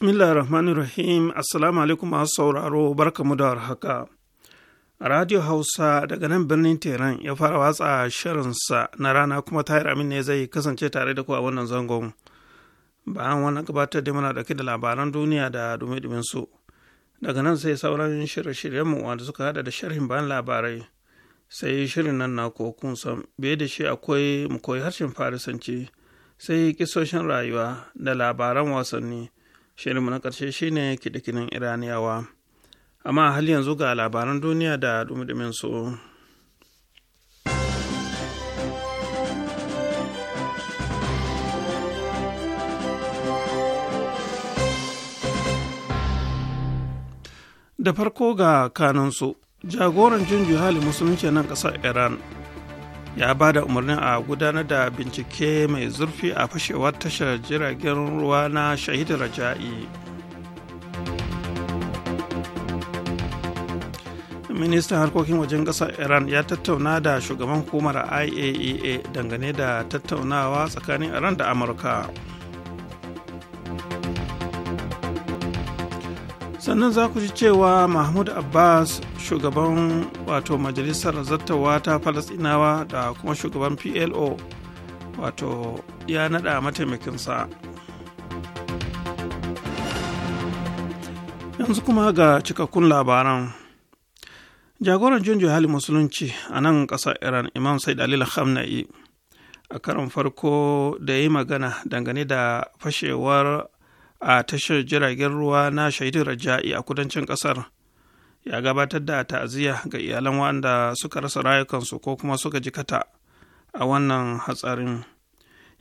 Bismillah rahmanir rahim Assalamu alaikum masu sauraro barkamu da warhaka. Radio Hausa daga nan birnin Tehran ya fara watsa shirinsa na rana kuma tayar Amin ne zai kasance tare da ku a wannan zangon. Bayan wannan gabatar da muna dauke da labaran duniya da dumi su. Daga nan sai sauran shirye-shiryenmu wanda suka hada da sharhin bayan labarai. Sai shirin nan na kun san biye da shi akwai mu koyi harshen Farisanci. Sai kisoshin rayuwa da labaran wasanni. shirinmu na ƙarshe shine kiɗe iraniyawa amma hal yanzu ga labaran duniya da dumi su. da farko ga kanunsu jagoran junju hali musulunci nan ƙasar iran ya ba da umarnin a gudanar da bincike mai zurfi a fashewar tashar jiragen ruwa na shahid raja'i ministan harkokin wajen ƙasar iran ya tattauna da shugaban hukumar iaea e dangane da tattaunawa tsakanin iran da amurka sannan za ku ji cewa mahmud abbas shugaban wato majalisar zattawa ta falasinawa da kuma shugaban plo wato ya nada mataimakinsa yanzu kuma ga cikakkun labaran jagoran junjo hali musulunci a nan ƙasar iran imam said alil khamna'i a karon farko da ya yi magana dangane da fashewar a tashar jiragen ruwa na shaidu raja'i a kudancin kasar ya gabatar da ta'aziyya ga iyalan waɗanda suka rasa rayukansu ko kuma suka jikata a wannan hatsarin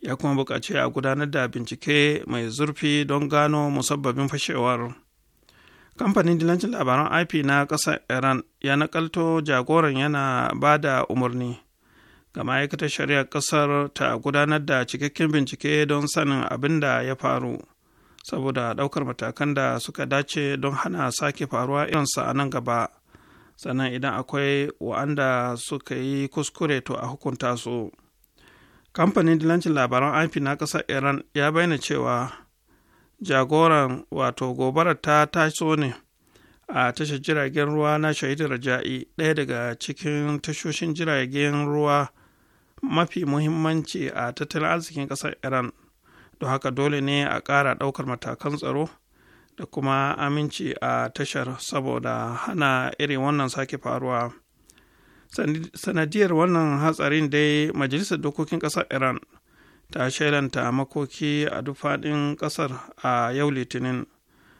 ya kuma buƙaci a gudanar da bincike mai zurfi don gano musabbabin fashewar kamfanin dilancin labaran ip na ƙasar iran ya nakalto jagoran yana ba da umarni ga ma'aikatar shari'ar ƙasar ta gudanar da cikakken bincike don sanin abin da ya faru saboda ɗaukar matakan da suka dace don hana sake faruwa irinsa a nan gaba sannan idan akwai wa'anda suka yi kuskure to a hukunta su kamfanin dilancin labaran ip na ƙasar iran ya bayyana cewa jagoran wato gobarar ta taso ne a tashar jiragen ruwa na shahidar raja'i ɗaya daga cikin tashoshin jiragen ruwa mafi muhimmanci a tattalin arzikin ƙasar iran don haka dole ne a ƙara ɗaukar matakan tsaro da kuma aminci a tashar saboda hana irin wannan sake faruwa sanadiyar wannan hatsarin dai majalisar dokokin ƙasar iran ta shaidanta makoki a duk faɗin ƙasar a yau litinin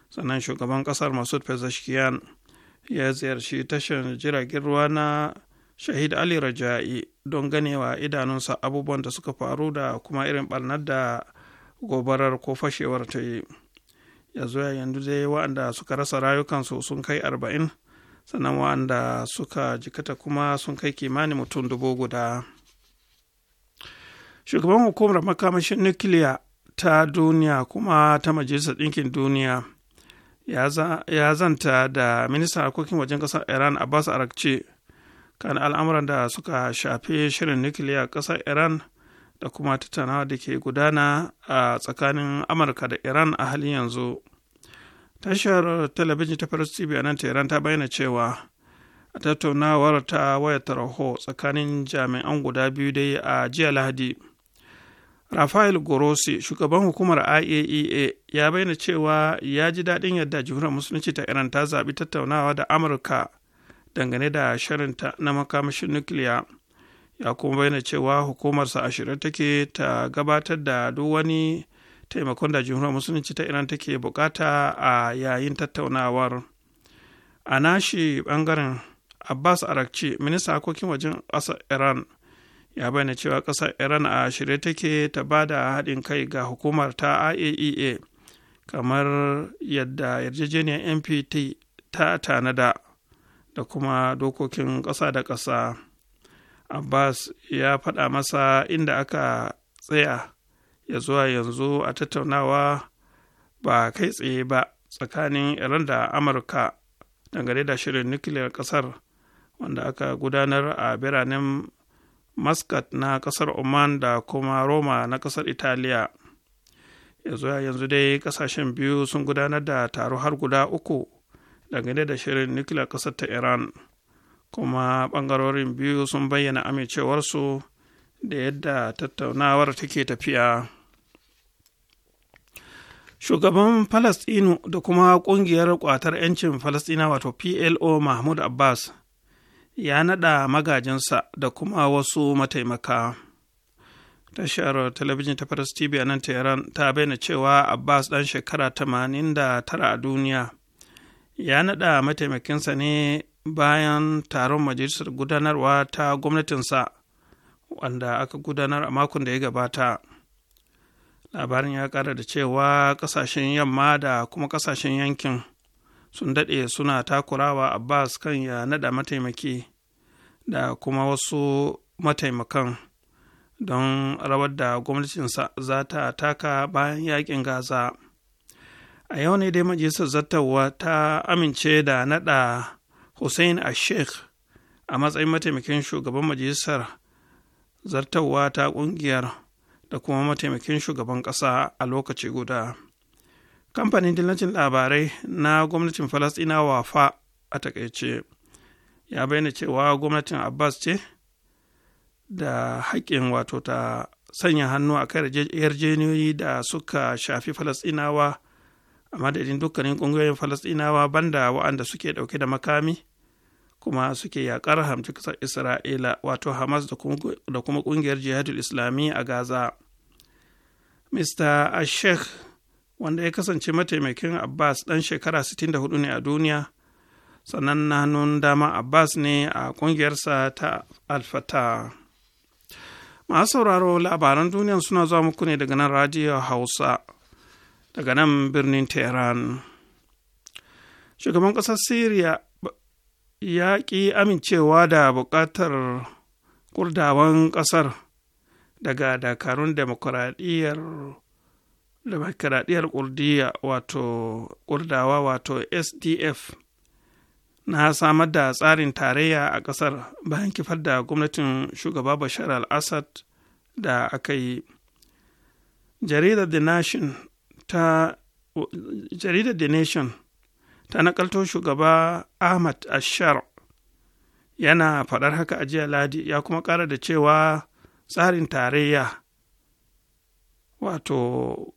sannan shugaban ƙasar masud pezeshkian ya ziyarci tashar jiragen ruwa na shahid ali raja'i don ganewa idanunsa abubuwan da suka faru da kuma irin barnar da gobarar ko fashewar ta yi ya yanzu dai waɗanda suka rasa rayukansu sun kai arba'in sannan wa'anda suka jikata kuma sun kai kimanin mutum dubu guda shugaban hukumar makamashin nukiliya ta duniya kuma ta majalisar ɗinkin duniya ya zanta da ministan harkokin wajen ƙasar iran a abbas arakci kan al'amuran da suka shafi shirin nukiliya ƙasar iran da kuma tattaunawa da ke gudana a tsakanin amurka da iran a halin yanzu tashar talabijin ta faris tv a nan iran ta bayyana cewa a tattaunawar ta wayar taraho tsakanin jami'an guda biyu dai a jiya lahadi rafael gorosi shugaban hukumar iaea e ya bayyana cewa ya ji daɗin yadda jihunan musulunci ta iran ta zaɓi tattaunawa da amurka dangane da shirinta na makamashin nukiliya ya kuma bayyana cewa hukumarsa a shirye take ta gabatar da duk wani taimakon da jumhuriyar musulunci ta iran take bukata a yayin tattaunawar a nashi bangaren abbas arakci minista harkokin wajen ƙasar iran ya bayyana cewa ƙasar iran a shirye take ta ba da haɗin kai ga hukumar ta iaea e kamar yadda yarjejeniyar mpt ta tanada da kuma dokokin ƙasa da ƙasa abbas ya faɗa masa inda aka tsaya ya zuwa yanzu a tattaunawa ba kai tsaye ba tsakanin iran da amurka dangane da shirin nukiliyar ƙasar wanda aka gudanar a biranen muscat na ƙasar oman da kuma roma na ƙasar italiya ya zuwa yanzu dai ƙasashen biyu sun gudanar da taro har guda uku dangane da shirin nukiliyar ƙasar ta iran kuma bangarorin biyu sun bayyana amincewarsu da yadda tattaunawar take tafiya shugaban Falasɗinu da kuma ƙungiyar kwatar 'yancin falastina wato plo mahmud abbas ya naɗa magajinsa da kuma wasu mataimaka tashar talabijin ta faras tv a nan tehran ta bayyana cewa abbas ɗan shekara 89 a duniya ya naɗa mataimakinsa ne bayan taron majalisar gudanarwa ta gwamnatinsa wanda aka gudanar a makon da ya gabata labarin ya kara da cewa kasashen yamma da kuma kasashen yankin sun daɗe suna takurawa abbas kan ya naɗa mataimaki da kuma wasu mataimakan don rawar da gwamnatinsa za ta taka bayan yakin gaza a yau ne dai majalisar zartarwa ta amince da naɗa hussein Sheikh a matsayin mataimakin shugaban majalisar zartawa ta ƙungiyar da kuma mataimakin shugaban ƙasa a lokaci guda kamfanin dillacin labarai na gwamnatin falasɗinawa fa a takaice ya bayyana cewa gwamnatin abbas ce da haƙƙin wato ta sanya hannu a kan yarjejeniyoyi da suka shafi falasɗinawa a madadin dukkanin ƙungiyoyin falasɗinawa banda wa'anda suke ɗauke da makami kuma suke yaƙar hamci ƙasar isra'ila wato hamas da kuma ƙungiyar jihadul islami a gaza mista ashek wanda ya kasance mataimakin abbas ɗan shekara 64 ne a duniya sannan na hannun dama abbas ne a ƙungiyarsa ta alfata masu sauraro labaran duniya suna zuwa muku ne daga nan radio hausa daga nan birnin tehran shugaban ƙasar syria ya ƙi amincewa da buƙatar kurdawan ƙasar daga dakarun demokuraɗiyyar kurdiya wato kurdawa wato sdf na samar da tsarin tarayya a ƙasar bayan kifar da gwamnatin shugaba bashar al-assad da aka yi jaridar the nation ta jaridar the nation ta nakalto shugaba ahmad ashar yana faɗar haka a jiya ladi ya kuma ƙara da cewa tsarin tarayya wato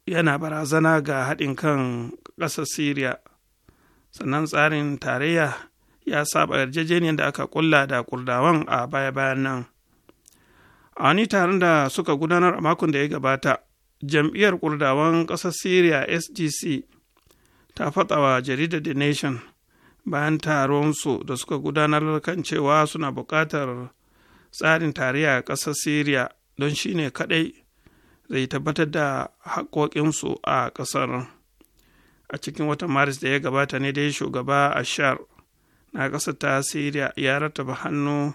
yana barazana ga haɗin kan ƙasar syria sannan tsarin tarayya ya saba yarjejeniyar da aka kulla da kurdawan a baya-bayan nan a wani taron da suka gudanar a makon da ya gabata jam'iyyar kurdawan ƙasar syria sgc ta wa jaridar the nation bayan taronsu da suka gudanar kan cewa suna buƙatar tsarin tarayya a ƙasar syria don shine kaɗai zai tabbatar da haƙoƙinsu a ƙasar a cikin watan maris da ya gabata ne dai shugaba a ashar na ƙasar ta syria ya rattaba hannu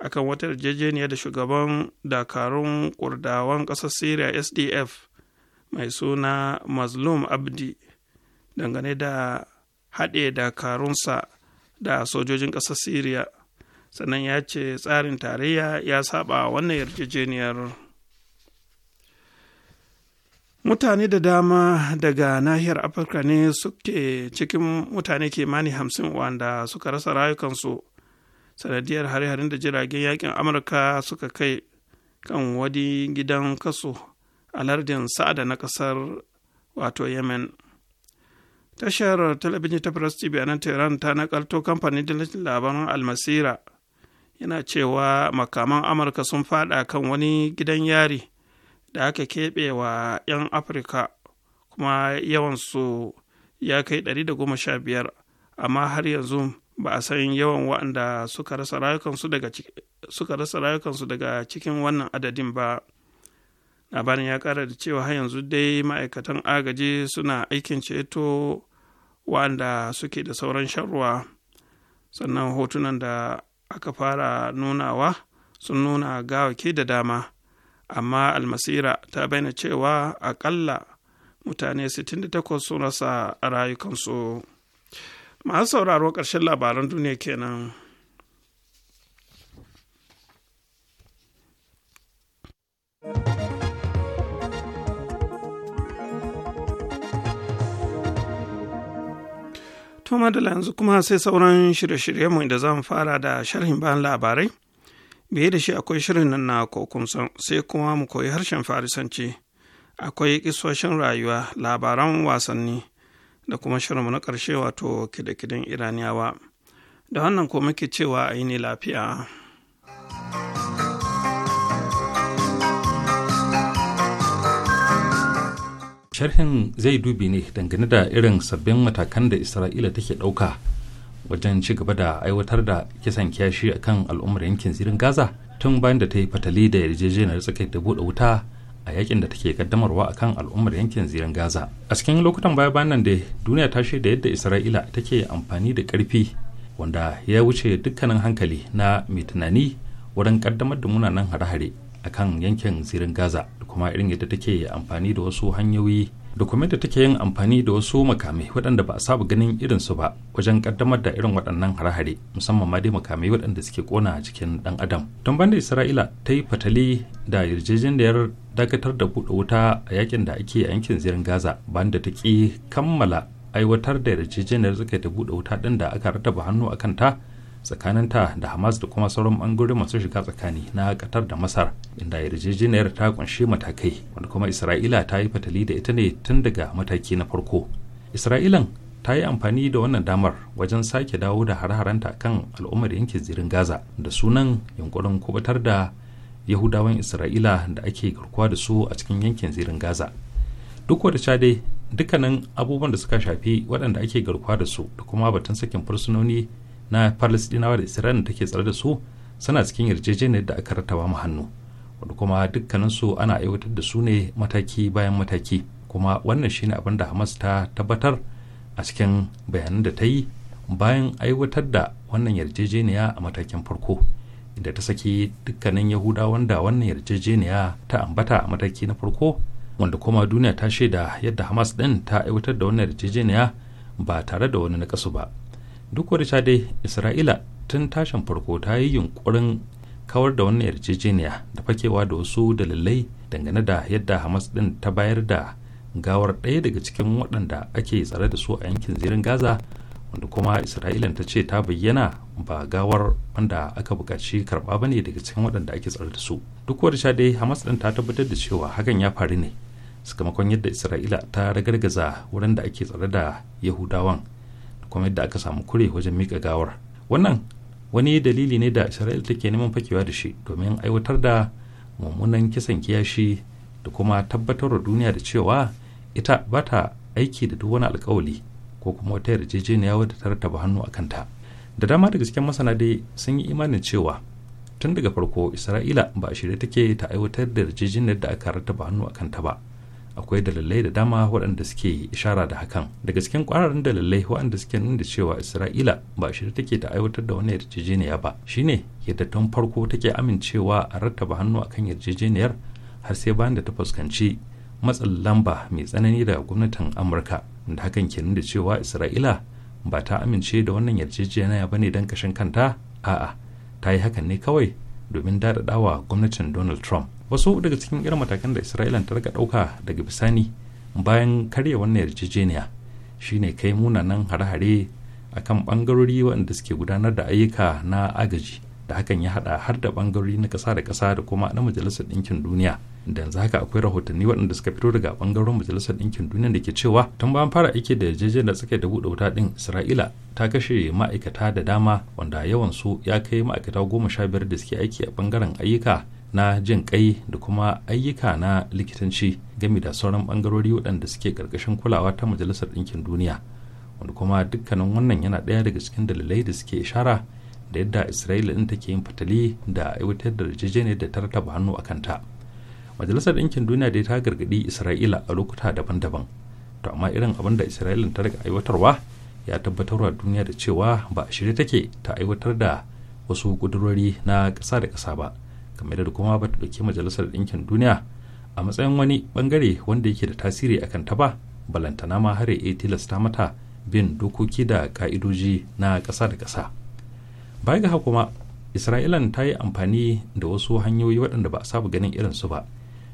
akan wata yarjejeniya da shugaban dakarun kurdawan ƙasar syria sdf mai suna mazlum abdi dangane da haɗe dakarunsa da sojojin ƙasar syria sannan ya ce tsarin tarayya ya saba wannan yarjejeniyar mutane da dama daga nahiyar afirka ne suke cikin mutane kimanin hamsin wanda suka rasa rayukansu sanadiyar hare-haren da jiragen yakin amurka suka kai kan wadi gidan kaso a lardin sa'ada na ƙasar wato yemen tashar talabijin ta press tv tehran ta nakalto kamfanin dillacin labaran almasira yana cewa makaman amurka sun fada kan wani gidan yari da aka keɓe wa 'yan afirka kuma yawansu ya kai 115 amma har yanzu ba a san yawan waɗanda suka rasa rayukansu daga cikin wannan adadin ba labarin ya kara da cewa har yanzu dai ma'aikatan agaji suna aikin ceto wanda suke da sauran sharuwa sannan hotunan da aka fara nunawa sun nuna gawake da dama amma almasira ta bayyana cewa akalla mutane 68 sun rasa rayukansu masu sauraro ƙarshen labaran duniya kenan. thank you To madala yanzu kuma sai sauran shirye mu da zan fara da sharhin bayan labarai. Biye da shi akwai shirin nan na kokumsan sai kuma mu koyi harshen farisanci. Akwai kisoshin rayuwa, labaran wasanni da kuma mu na ƙarshe wato kide-kiden Iraniyawa. Da wannan ko muke cewa a yi ne lafiya. sharhin zai dubi ne dangane da irin sabbin matakan da isra'ila take ɗauka wajen ci gaba da aiwatar da kisan kiyashi a kan al'ummar yankin zirin gaza tun bayan da ta yi fatali da yarjejeniyar tsakai da buɗe wuta a yakin da take kaddamarwa a kan al'ummar yankin zirin gaza a cikin lokutan baya bayan nan da duniya ta shaida yadda isra'ila take amfani da karfi wanda ya wuce dukkanin hankali na mai tunani wurin kaddamar da munanan hare-hare akan yankin zirin gaza da kuma irin yadda take amfani da wasu hanyoyi da kuma take yin amfani da wasu makamai waɗanda ba a saba ganin irinsu ba wajen kaddamar da irin waɗannan hare musamman ma dai makamai waɗanda suke kona jikin ɗan adam don banda isra'ila ta yi fatali da yarjejeniyar dakatar da buɗe wuta a yakin da ake a yankin zirin gaza banda ta ƙi kammala aiwatar da yarjejeniyar suka ta buɗe wuta ɗin da aka rataba hannu a kanta tsakaninta da hamas da kuma sauran bangare masu shiga tsakani na katar da masar inda yarjejeniyar ta kunshi matakai wanda kuma isra'ila ta yi fatali da ita ne tun daga mataki na farko isra'ilan ta yi amfani da wannan damar wajen sake dawo da hare-harenta kan al'ummar yankin zirin gaza da sunan yankurin kubatar da yahudawan isra'ila da ake garkuwa da su a cikin yankin zirin gaza duk wata ca dai dukkanin abubuwan da suka shafi waɗanda ake garkuwa da su da kuma batun sakin fursunoni na palestinawa da isra'ila take tsare da su suna cikin yarjejeniyar da aka rataba mu hannu wanda kuma dukkaninsu ana aiwatar da su ne mataki bayan mataki kuma wannan shine abin da hamas ta tabbatar a cikin bayanan da ta yi bayan aiwatar da wannan yarjejeniya a matakin farko inda ta saki dukkanin yahuda wanda wannan yarjejeniya ta ambata a mataki na farko wanda kuma duniya ta shaida yadda hamas din ta aiwatar da wannan yarjejeniya ba tare da wani nakasu ba duk wani sha dai isra'ila tun tashin farko ta yi yunkurin kawar da wannan yarjejeniya da fakewa da wasu dalilai dangane da yadda hamas din ta bayar da gawar ɗaya daga cikin waɗanda ake tsare da su a yankin zirin gaza wanda kuma isra'ilan ta ce ta bayyana ba gawar wanda aka buƙaci karɓa ba ne daga cikin waɗanda ake tsare da su duk wani sha dai hamas din ta tabbatar da cewa hakan ya faru ne sakamakon yadda isra'ila ta ragargaza wurin da ake tsare da yahudawan kuma yadda aka samu kure wajen mika gawar wannan wani dalili ne da isra'il take neman fakewa da shi domin aiwatar da mummunan kisan kiyashi da kuma tabbatar da duniya da cewa ita ba ta aiki da duk wani alkawali ko kuma wata yarjejeniya wadda ta rattaba hannu a kanta da dama daga cikin masana dai sun yi imanin cewa tun daga farko isra'ila ba a shirye take ta aiwatar da yarjejeniyar da aka rattaba hannu a kanta ba akwai dalilai da dama waɗanda suke ishara da hakan daga cikin ƙwararrun dalilai waɗanda suke nuna cewa isra'ila ba shirya take ta aiwatar da wani yarjejeniya ba shine yadda tun farko take amincewa a rattaba hannu akan yarjejeniyar har sai bayan da ta fuskanci matsin lamba mai tsanani daga gwamnatin amurka da hakan ke nuna cewa isra'ila ba ta amince da wannan yarjejeniya ba ne don kashin kanta a'a ta yi hakan ne kawai domin daɗaɗawa gwamnatin donald trump wasu daga cikin irin matakan da isra'ila ta daga dauka daga bisani bayan karya wannan yarjejeniya shine kai munanan hare-hare a kan ɓangarori waɗanda suke gudanar da ayyuka na agaji da hakan ya hada har da bangarori na ƙasa da kasa da kuma na majalisar dinkin duniya da yanzu haka akwai rahotanni waɗanda suka fito daga bangaren majalisar ɗinkin duniya da ke cewa tun bayan fara aiki da yarjejeniyar da suka da buɗe wuta ɗin isra'ila ta kashe ma'aikata da dama wanda yawan su ya kai ma'aikata goma sha biyar da suke aiki a bangaren ayyuka na jin kai da kuma ayyuka na likitanci gami da sauran bangarori waɗanda suke ƙarƙashin kulawa ta majalisar ɗinkin duniya wanda kuma dukkanin wannan yana ɗaya daga cikin dalilai da suke ishara da yadda isra'ila ɗin take yin fitali da aiwatar da yarjejeniyar da ta rataba hannu a kanta majalisar ɗinkin duniya dai ta gargaɗi isra'ila a lokuta daban-daban to amma irin abin da isra'ila ta riga aiwatarwa ya tabbatar tabbatarwa duniya da cewa ba a shirye take ta aiwatar da wasu ƙudurori na ƙasa da ƙasa ba kamar da kuma ba ta ɗauki majalisar ɗinkin duniya a matsayin wani bangare wanda yake da tasiri akan ta ba balantana ma har ya tilasta mata bin dokoki da ka'idoji na ƙasa da ƙasa baya ga kuma isra'ilan ta yi amfani da wasu hanyoyi waɗanda ba a saba ganin irinsu ba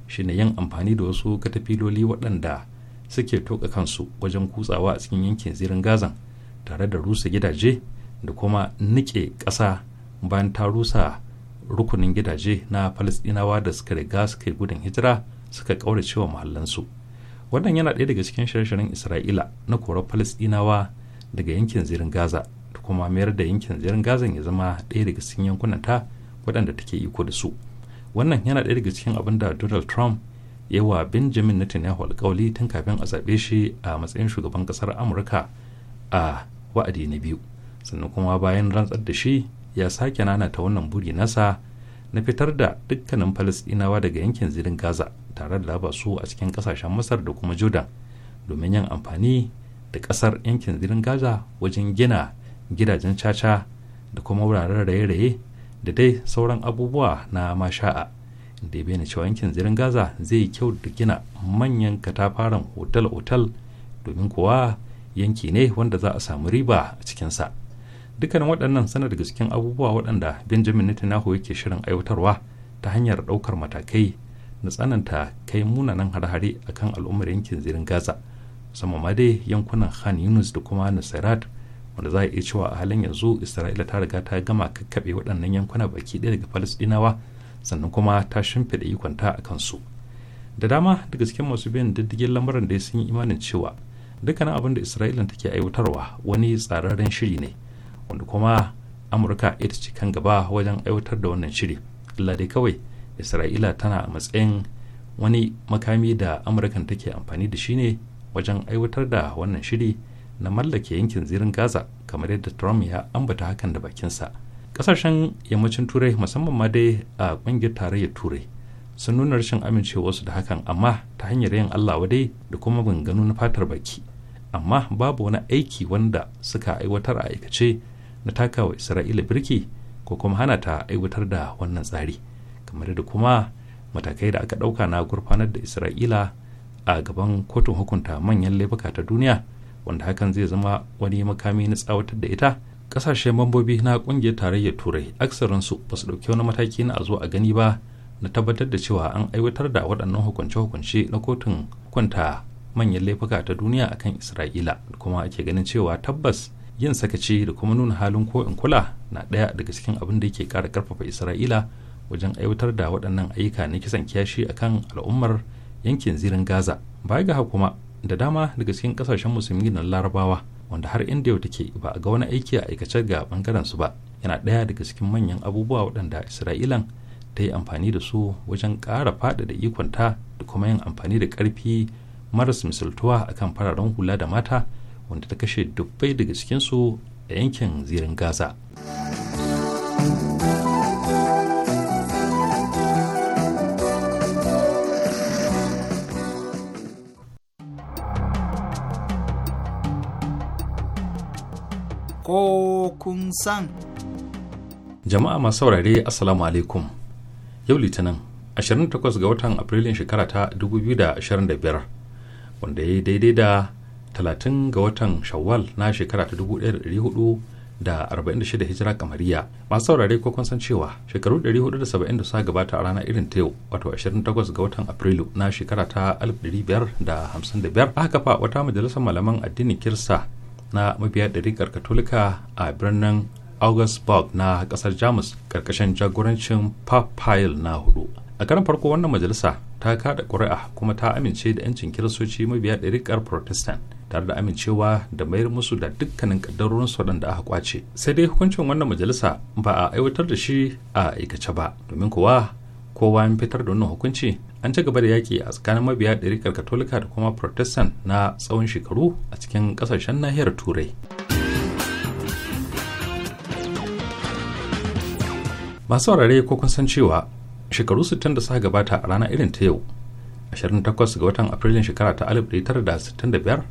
shine yin amfani da wasu katafiloli waɗanda suke toka kansu wajen kutsawa a cikin yankin zirin gazan tare da rusa gidaje da kuma nike ƙasa bayan ta rusa rukunin gidaje na falasɗinawa da suka riga suka yi gudun hijira suka ƙaurace wa mahallansu wannan yana ɗaya daga cikin shirye-shiryen isra'ila na korar falasɗinawa daga yankin zirin gaza da kuma mayar da yankin zirin gaza ya zama ɗaya daga cikin yankunan ta waɗanda take iko da su wannan yana ɗaya daga cikin abin da donald trump ya wa benjamin netanyahu alkawali tun kafin a zaɓe shi a matsayin shugaban ƙasar amurka a wa'adi na biyu sannan kuma bayan rantsar da shi ya sake nana ta wannan buri nasa na fitar da dukkanin falasdinawa daga yankin zirin gaza tare da laba su a cikin kasashen masar da kuma jordan domin yin amfani da kasar yankin zirin gaza wajen gina gidajen caca da kuma wuraren raye-raye da dai sauran abubuwa na masha'a da ya bayyana cewa yankin zirin gaza zai kyau da gina manyan katafaren otal-otal domin kuwa yanki ne wanda za a samu riba a cikinsa. dukkanin waɗannan sana daga cikin abubuwa waɗanda benjamin netanyahu yake shirin aiwatarwa ta hanyar ɗaukar matakai na tsananta kai munanan hare-hare a kan al'ummar yankin zirin gaza sama ma dai yankunan khan yunus da kuma nasirat wanda za a iya cewa a halin yanzu isra'ila ta riga ta gama kakkaɓe waɗannan yankuna baki ɗaya daga falastinawa sannan kuma ta shimfiɗa ikonta a kansu da dama daga cikin masu biyan diddigin lamarin da sun yi imanin cewa dukkanin abin da isra'ila take aiwatarwa wani tsararren shiri ne wanda kuma amurka ita ce kan gaba wajen aiwatar da wannan shiri Allah dai kawai isra'ila tana a matsayin wani makami da amurkan take amfani da shi ne wajen aiwatar da wannan shiri na mallake yankin zirin gaza kamar yadda trump ya ambata hakan da bakinsa kasashen yammacin turai musamman ma dai a kungiyar tarayyar turai sun nuna rashin amincewarsu da hakan amma ta hanyar yin allah dai da kuma ganganu na fatar baki amma babu wani aiki wanda suka aiwatar a aikace na taka wa isra'ila birki ko kuma hana ta aiwatar da wannan tsari kamar da kuma matakai da aka ɗauka na gurfanar da isra'ila a gaban kotun hukunta manyan laifuka ta duniya wanda hakan zai zama wani makami na tsawatar da ita kasashe mambobi na kungiyar tarayyar turai aksarinsu ba su ɗauki wani mataki na a a gani ba na tabbatar da cewa an aiwatar da waɗannan hukunce-hukunce na kotun hukunta manyan laifuka ta duniya akan isra'ila kuma ake ganin cewa tabbas yin sakaci da kuma nuna halin ko in kula na ɗaya daga cikin abin da yake ƙara ƙarfafa isra'ila wajen aiwatar da waɗannan ayyuka na kisan kiyashi a kan al'ummar yankin zirin gaza baya ga kuma da dama daga cikin ƙasashen musulmi na larabawa wanda har inda yau take ba a ga wani aiki a aikace ga ɓangaren su ba yana ɗaya daga cikin manyan abubuwa waɗanda isra'ilan ta yi amfani da su wajen ƙara faɗaɗa ikonta da kuma yin amfani da ƙarfi maras misaltuwa akan fararen hula da mata wanda ta kashe dubbai daga cikinsu a yankin zirin gaza ko kun san jama'a masu saurare assalamu alaikum yau litinin 28 ga watan afrilun shekara ta 2025 wanda ya yi daidai da 30 ga watan shawwal na shekara ta 1446 hijira kamariya masu saurare ko kun san cewa shekaru 470 da suka gabata a rana irin ta yau wato 28 ga watan afrilu na shekara ta 1555 aka kafa wata majalisar malaman addinin kirsa na mabiya ɗariƙar katolika a birnin augsburg na ƙasar jamus ƙarƙashin jagorancin fayil na hudu a karan farko wannan majalisa ta kaɗa ƙuri'a kuma ta amince da 'yancin kiristoci mabiya ɗariƙar protestant tare da amincewa da mayar musu da dukkanin kaddarorin kaddarorinsu da aka kwace sai dai hukuncin wannan majalisa ba a aiwatar da shi a aikace ba domin kuwa kowa ya fitar da wannan hukunci an ci gaba da yaki a tsakanin mabiya ɗarikar katolika da kuma protestant na tsawon shekaru a cikin ƙasashen nahiyar turai masu saurare ko kun san cewa shekaru 60 da suka gabata a rana irin ta yau 28 ga watan afrilun shekara ta 1965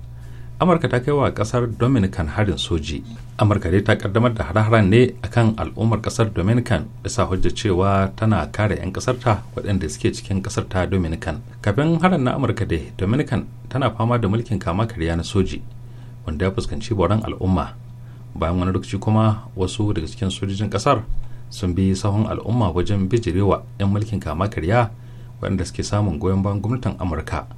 amurka ta kai wa kasar dominican harin soji amurka dai ta kaddamar da hare ne akan al'ummar kasar dominican bisa hujja cewa tana kare 'yan kasar ta waɗanda suke cikin kasar ta dominican kafin harin na amurka dai dominican tana fama da mulkin kama karya na soji wanda ya fuskanci boran al'umma bayan wani rikici kuma wasu daga cikin sojojin kasar sun bi sahun al'umma wajen bijirewa 'yan mulkin kama karya waɗanda suke samun goyon bayan gwamnatin amurka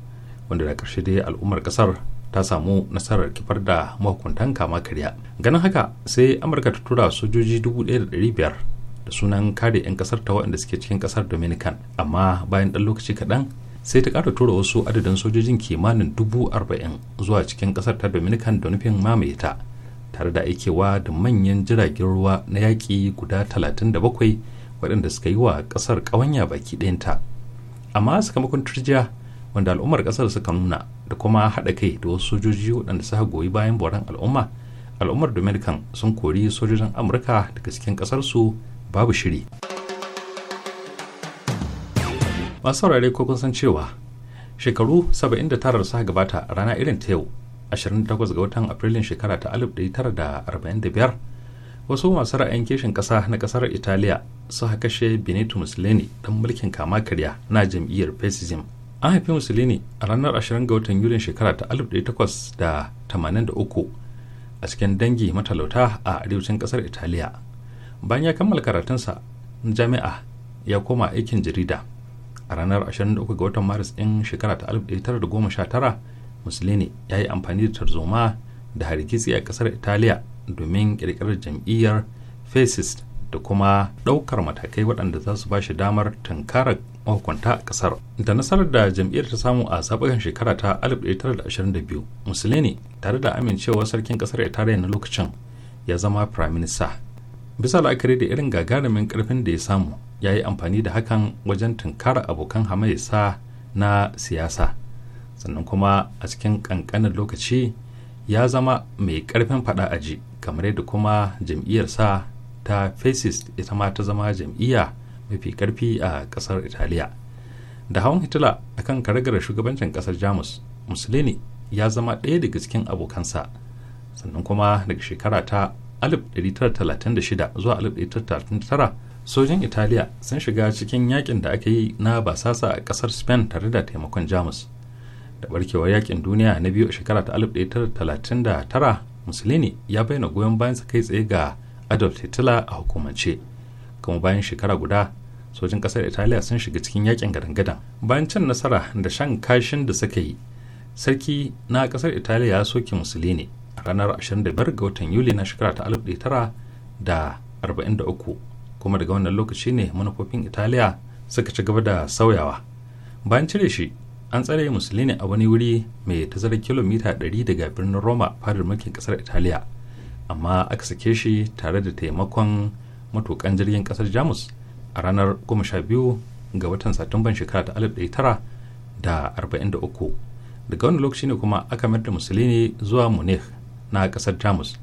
wanda da ƙarshe dai al'ummar ƙasar ta samu nasarar kifar da mahukuntan kama karya ganin haka sai amurka ta tura sojoji 1,500 da sunan kare 'yan kasar ta waɗanda suke cikin kasar dominican amma bayan ɗan lokaci kaɗan sai ta ƙara tura wasu adadin sojojin kimanin dubu arba'in zuwa cikin ƙasar ta dominican da nufin mamaye ta tare da aikewa da manyan jiragen ruwa na yaƙi guda 37 waɗanda suka yi wa ƙasar ƙawanya baki ɗayanta amma sakamakon turjiya wanda al'ummar ƙasar suka nuna da kuma haɗa kai da wasu sojoji waɗanda suka goyi bayan boran al'umma al'ummar dominican sun kori sojojin amurka daga cikin ƙasarsu babu shiri masu saurare ko kun san cewa shekaru 79 suka gabata a rana irin ta yau 28 ga watan afrilun shekara ta 1945 wasu masu ra'ayin kishin ƙasa na ƙasar italiya suka kashe benito mussolini dan mulkin kama karya na jam'iyyar fascism an haifi musulini a ranar 20 ga watan yulin shekara ta 1883 a cikin dangi matalauta a arewacin kasar italiya bayan ya kammala karatunsa na jami'a ya koma aikin jarida a ranar 23 ga watan maris ɗin shekara ta 1919 musulini ya yi amfani da tarzoma da hargitsi a kasar italiya domin ƙirƙirar jam'iyyar fascist da kuma ɗaukar matakai waɗanda za su ba shi damar tunkarar mahukunta a kasar da nasarar da jam'iyyar ta samu a sabon shekara ta 1922 musulini tare da amincewar sarkin kasar ya tare na lokacin ya zama prime minister bisa la'akari da irin gagarumin karfin da ya samu ya yi amfani da hakan wajen tunkara abokan hamaisa na siyasa sannan kuma a cikin kankanin lokaci ya zama mai karfin fada aji kamar yadda kuma jam'iyyarsa ta fascist ita ma ta zama jam'iyya mafi karfi a kasar italiya da hawan hitler akan karagar shugabancin kasar jamus musulini ya zama ɗaya daga cikin abokansa sannan kuma daga shekara ta 1936 zuwa 1939 sojin italiya sun shiga cikin yakin da aka yi na basasa a kasar spain tare da taimakon jamus da barkewar yakin duniya na biyu a shekara ta 1939 musulini ya bayyana goyon bayan bayansa kai tsaye ga adolf hitler a hukumance kuma bayan shekara guda sojin kasar italiya sun shiga cikin yakin gadan-gadan bayan cin nasara da shan kashin da suka yi sarki na kasar italiya ya soke musulini a ranar 25 ga watan yuli na shekara ta 1943 kuma daga wannan lokaci ne manufofin italiya suka ci gaba da sauyawa bayan cire shi an tsare musulini a wani wuri mai tazarar kilomita 100 daga birnin roma fadar mulkin kasar italiya amma aka sake shi tare da taimakon matukan jirgin kasar jamus a ranar 12 ga watan satumban shekara ta 1943 daga wani lokaci ne kuma aka mayar da musulini zuwa munich na kasar jamus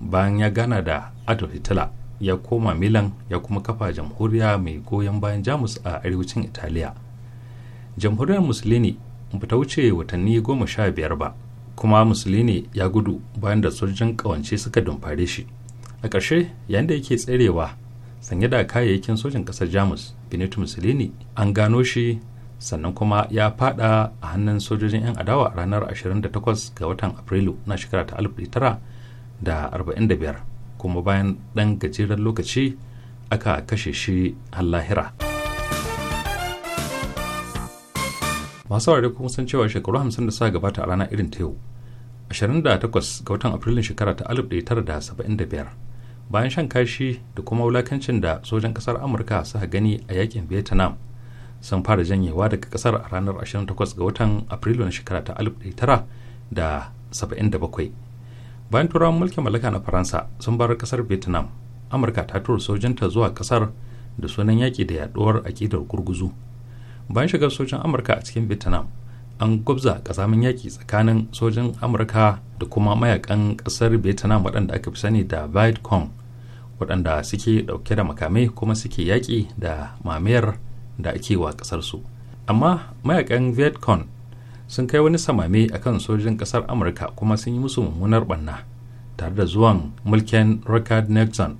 bayan ya gana da adolf hitler ya koma milan ya kuma kafa jamhuriya mai goyon bayan jamus a arewacin italiya jamhuriyar musulini ba ta wuce watanni goma sha biyar ba kuma musulini ya gudu bayan da sojojin kawance suka dumfare shi a ƙarshe yayin da yake tserewa sanye da kayayyakin sojin ƙasar jamus benito mussolini an gano shi sannan kuma ya fada a hannun sojojin 'yan adawa a ranar 28 ga watan afrilu na shekara ta 1945 kuma bayan ɗan gajeren lokaci aka kashe shi har lahira. masu saurari kuma sun cewa shekaru 50 da suka gabata a rana irin ta yau 28 ga watan afrilun shekara ta 1975 bayan shan kashi da kuma wulakancin da sojan kasar amurka suka gani a yakin vietnam sun fara janyewa daga kasar a ranar 28 ga watan na shekara ta 1977 bayan turawan mulkin mallaka na faransa sun bar kasar vietnam amurka ta tura sojanta zuwa kasar da sunan yaƙi da yaduwar akidar gurguzu bayan shigar sojan amurka a cikin vietnam an gwabza ƙazamin yaƙi tsakanin sojin amurka da kuma mayakan ƙasar vietnam waɗanda aka fi sani da vietcong waɗanda suke ɗauke da makamai kuma suke yaƙi da mamayar da ake wa ƙasarsu amma mayakan vietcon sun kai wani samame a kan sojin ƙasar amurka kuma sun yi musu mummunar ɓanna tare da zuwan mulkin richard nixon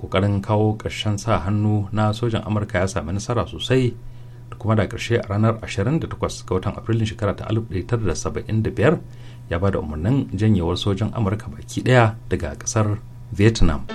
ƙoƙarin kawo ƙarshen sa hannu na sojan amurka ya sami nasara sosai da kuma da ƙarshe a ranar 28 ga watan afrilun shekara ta 1975 ya ba da umarnin janyewar sojin amurka baki ɗaya daga ƙasar vietnam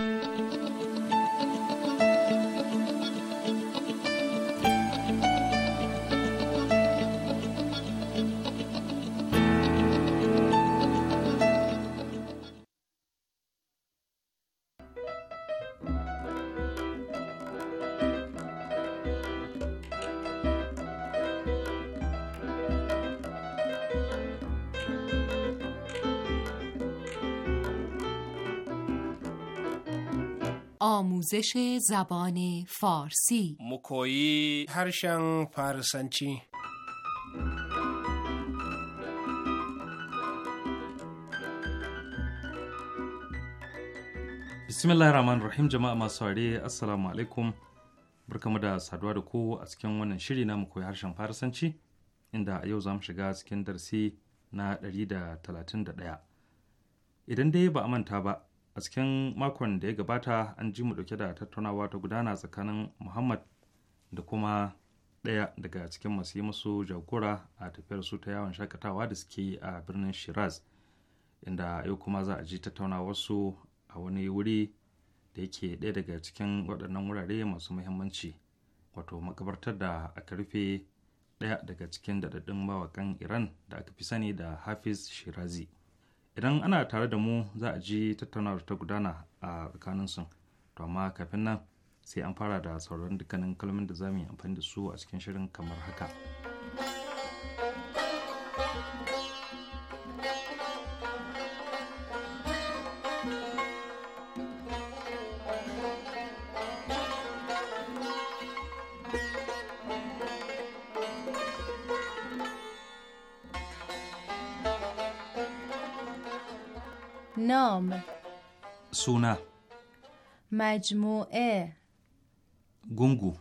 آموزش زبان فارسی مکویی هرشن فارسنچی bismillah rahman rahim jama'a masu saurare assalamu alaikum barkamu da saduwa da ku a cikin wannan shiri na koyi harshen farisanci inda a yau za mu shiga cikin darasi na ɗari da da talatin ɗaya idan dai ba a manta ba a cikin makon da ya gabata an ji mu dauke da tattaunawa ta gudana tsakanin muhammad da kuma ɗaya daga cikin masu yi musu jagora a tafiyar su ta yawon shakatawa da suke yi a birnin shiraz inda yau kuma za a ji tattaunawar su a wani wuri da yake ɗaya daga cikin waɗannan wurare masu muhimmanci wato makabartar da aka rufe ɗaya daga cikin daɗaɗɗun mawaƙan iran da aka fi sani da hafiz shirazi idan ana tare da mu za a ji tattaunawar ta gudana a tsakaninsu to amma kafin nan sai an fara da sauran dukkanin kalmomin da za mu yi amfani da su a cikin shirin kamar haka. نام سونا مجموعه گونگو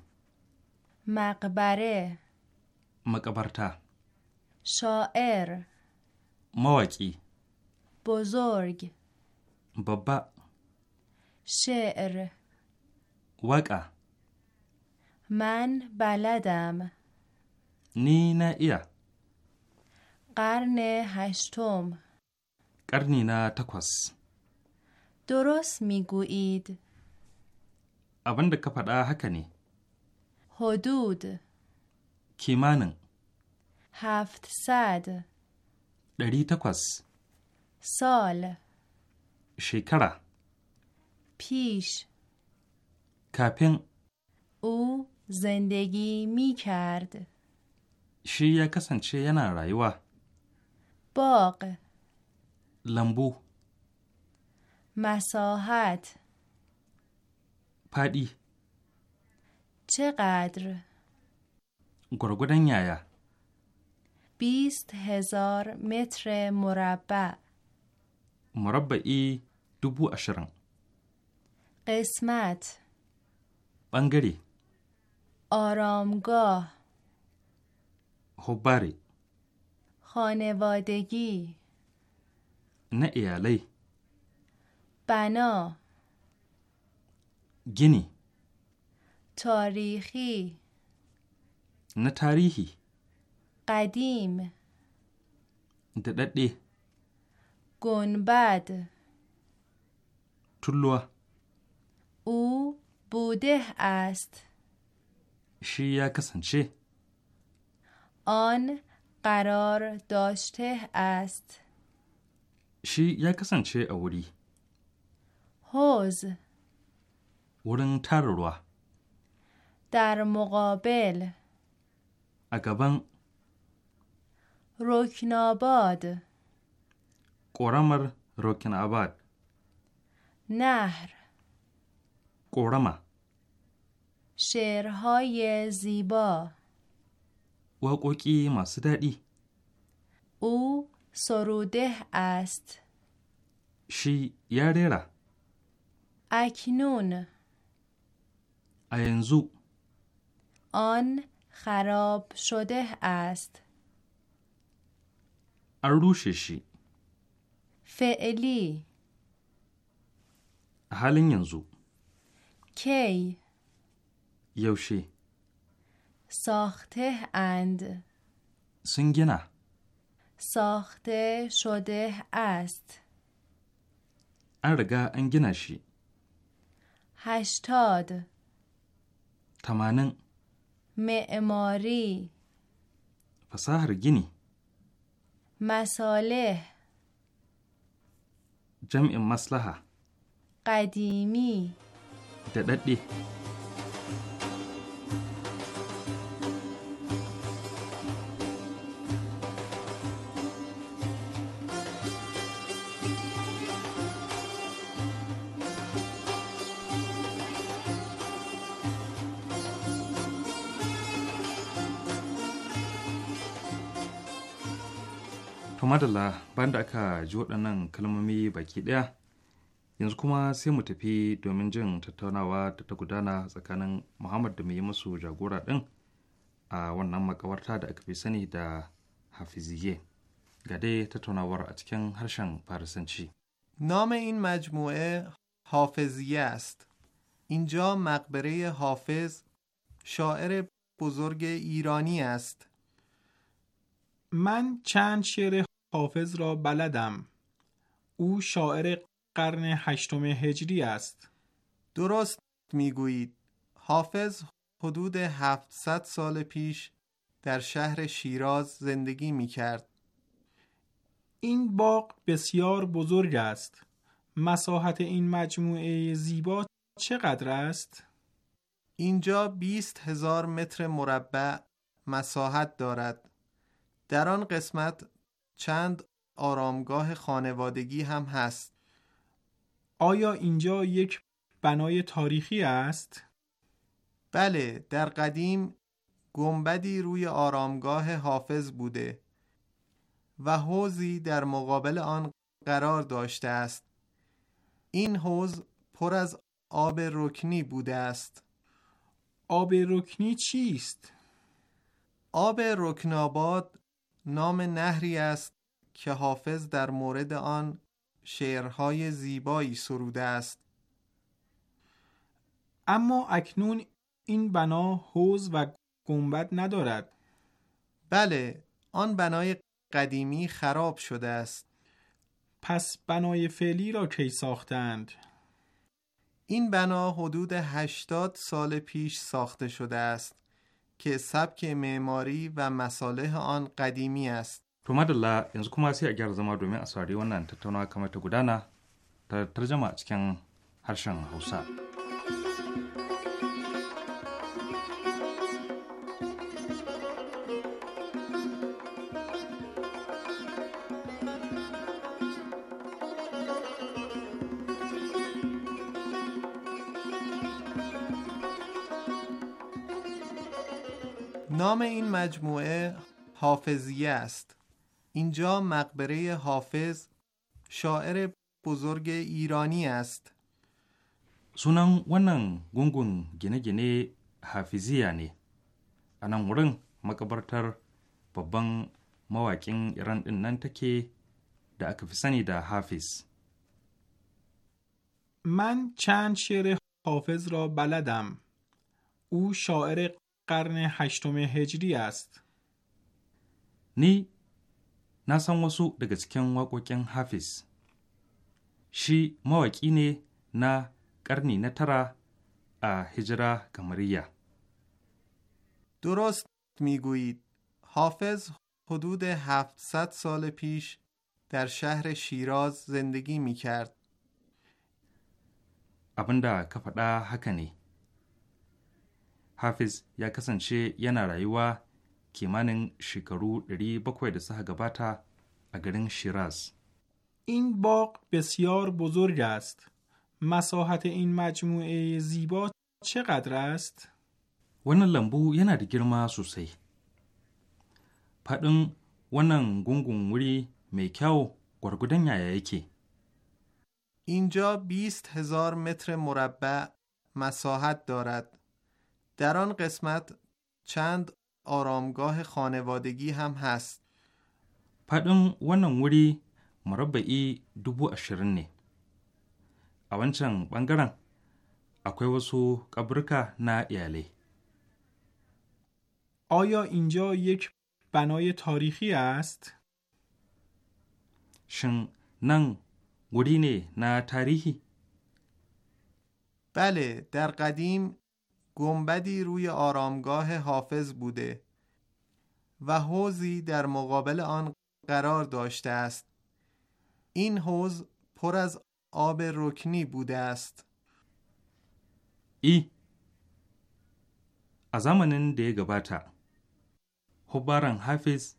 مقبره مقبرتا شاعر موکی بزرگ بابا شعر وقع من بلدم نی نه قرن هشتم ƙarni na takwas. Doros miguid. Abin da ka faɗa haka ne. Hodud. Kimanin. haftsad Ɗari takwas. Sol. Shekara. Pish. Kafin. او زندگی می Shi ya kasance yana rayuwa. رایوه. لمبو مساحت پدی چقدر گرگودن یایا بیست هزار متر مربع مربعی دوبو اشرن قسمت بنگری آرامگاه حبری خانوادگی نه ایالی بنا گینی تاریخی نه تاریخی قدیم دددی گنبد تلوه او بوده است شی یا کسنچه آن قرار داشته است shi ya kasance a wuri. Hose wurin tara ruwa. در a gaban رکناباد ƙoramar رکناباد Nahr. ƙorama شعرهای زیبا waƙoƙi masu daɗi او سروده است شی یا اکنون اینزو آن خراب شده است اروششی فعلی هلینزو. ینزو کی یوشی ساخته اند سنگینه. ساخته شده ast. an riga an gina shi hashtag tamanin me'amari fasahar gini Masole. jam'in maslaha ƙadimi da daɗe madalla bayan da aka ji waɗannan kalmomi baki ɗaya yanzu kuma sai mu tafi domin jin tattaunawa da ta gudana tsakanin muhammad da mai masu jagora ɗin a wannan makawarta da aka fi sani da hafiziye ga dai tattaunawar a cikin harshen farisanci نام in مجموعه حافظیه است. اینجا مقبره حافظ شاعر بزرگ ایرانی است. من چند شعر حافظ را بلدم او شاعر قرن هشتم هجری است درست میگویید حافظ حدود 700 سال پیش در شهر شیراز زندگی می کرد. این باغ بسیار بزرگ است. مساحت این مجموعه زیبا چقدر است؟ اینجا 20 هزار متر مربع مساحت دارد. در آن قسمت چند آرامگاه خانوادگی هم هست آیا اینجا یک بنای تاریخی است؟ بله در قدیم گنبدی روی آرامگاه حافظ بوده و حوزی در مقابل آن قرار داشته است این حوز پر از آب رکنی بوده است آب رکنی چیست؟ آب رکناباد نام نهری است که حافظ در مورد آن شعرهای زیبایی سروده است اما اکنون این بنا حوز و گنبد ندارد بله آن بنای قدیمی خراب شده است پس بنای فعلی را کی ساختند؟ این بنا حدود هشتاد سال پیش ساخته شده است که سبک معماری و مصالح آن قدیمی است. To madalla yanzu kuma sai a gyara zama domin a saurari wannan tattaunawa kamar ta gudana ta tarjama a cikin harshen Hausa. نام این مجموعه حافظیه است اینجا مقبره حافظ شاعر بزرگ ایرانی است سونان ونن گونگون گنه گنه حافظیه نی انان ورن مقبرتر ببن مواکین ایران این نن تکی دا اکفسانی دا حافظ من چند شعر حافظ را بلدم او شاعر قرن هشتم هجری است. نی ناسان واسو دگز کن واقو کن حافظ. شی مواک اینه نا قرنی نترا هجرا کمریا. درست میگویید حافظ حدود 700 سال پیش در شهر شیراز زندگی میکرد. ابندا کفدا هکنی. hafiz ya kasance yana rayuwa kimanin shekaru 700 da suka gabata a garin shiraz In باغ besiyar بزرگ gast, مساحت in majmu'e زیبا ce gadrast? wannan lambu yana da girma sosai. Faɗin wannan gungun wuri mai kyau gwargudan yaya yake. اینجا 20 هزار متر مربع مساحت دارد. در آن قسمت چند آرامگاه خانوادگی هم هست. پدن ونن وری مربعی دوبو اشرن نه A بانگران؟ ɓangaren وسو وسو ƙaburka na آیا اینجا یک بنای تاریخی است؟ شن نن وری نه نه تاریخی؟ بله در قدیم گنبدی روی آرامگاه حافظ بوده و حوزی در مقابل آن قرار داشته است این حوز پر از آب رکنی بوده است ای از آمان ده گباتا خوبارن حافظ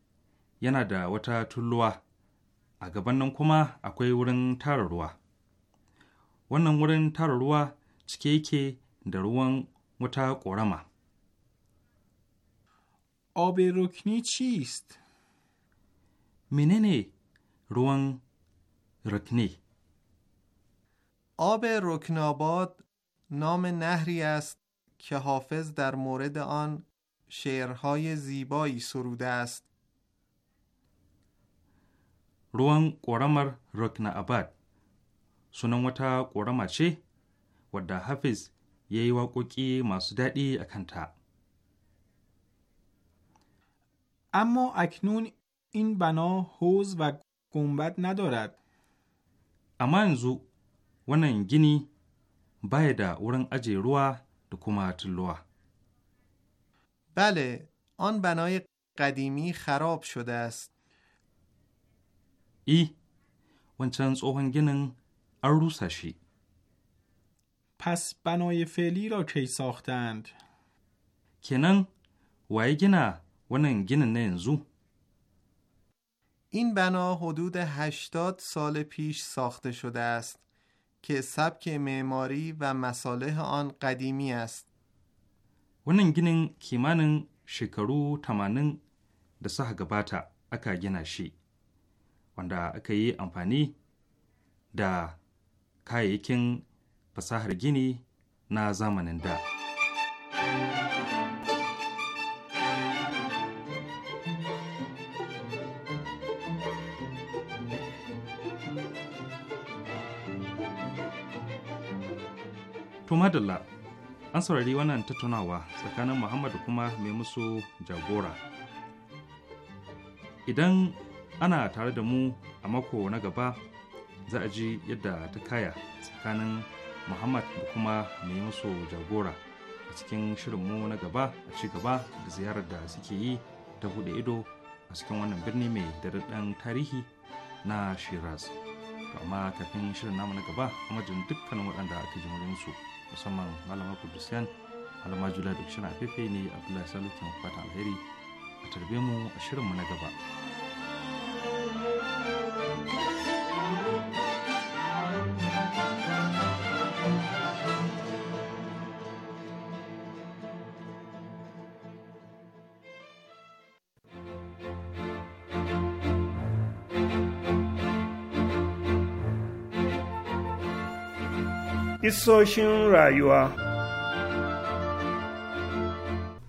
ینا دا وطا تلوا اگبانن کما اکوی ورن تارلوا ونن ورن تارلوا چکی که در وان wata ƙorama. آب رکنی چیست؟ مننه روان رکنی آب آباد نام نهری است که حافظ در مورد آن شعرهای زیبایی سروده است. روان ƙoramar رکن آباد sunan وتا و چه ودا ya yi waƙoƙi masu daɗi a kanta. Amma aknun in bano hoz va kumbat nadorat. Amma yanzu wannan gini baya da wurin aje ruwa da kuma tulluwa. Bale, on banaye qadimi kharab shude ast. wancan tsohon ginin an rusa shi. پس بنای فعلی را کی ساختند؟ کنن وایگنا ونن گینن نه این بنا حدود 80 سال پیش ساخته شده است که سبک معماری و مصالح آن قدیمی است. ونن گینن کیمانن شکرو تمانن da suka gabata aka gina shi wanda aka yi amfani da fasahar gini na zamanin da. To an saurari wannan tattaunawa tsakanin Muhammadu kuma mai musu jagora. Idan ana tare da mu a mako na gaba za a ji yadda ta kaya tsakanin muhammad da kuma mai musu jagora a cikin shirinmu na gaba a ci gaba da ziyarar da suke yi ta buɗe ido a cikin wannan birni mai daɗaɗɗen tarihi na shiraz to amma kafin shirin namu na gaba a majin dukkanin waɗanda aka ji su musamman malama kudusiyan malama jula da shirin afefe ne abdullahi salukin fata alheri a tarbe mu a shirinmu na gaba. Isoshin rayuwa.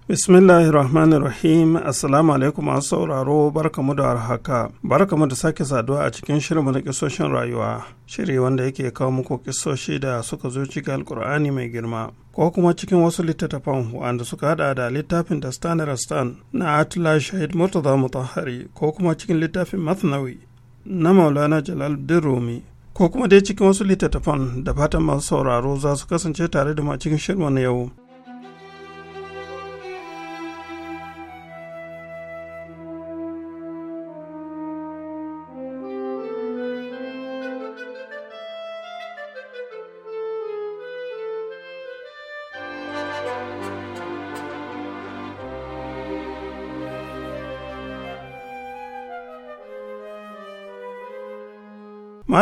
Bismillahirrahmanirrahim Assalamu alaikum masu sauraro barka barkamu da Barka mu da sake saduwa a cikin shirinmu na kisoshin rayuwa shiri wanda yake kawo muku kisoshi da suka zo cikin alkur'ani mai girma ko kuma cikin wasu littattafan wanda suka hada da littafin da stan rastan na atla shahid murtaza mutahari ko kuma cikin littafin Mathnawi na maulana jalaluddin rumi ko kuma dai cikin wasu littattafan da fatan masu sauraro za su kasance tare da mu cikin shirin yau.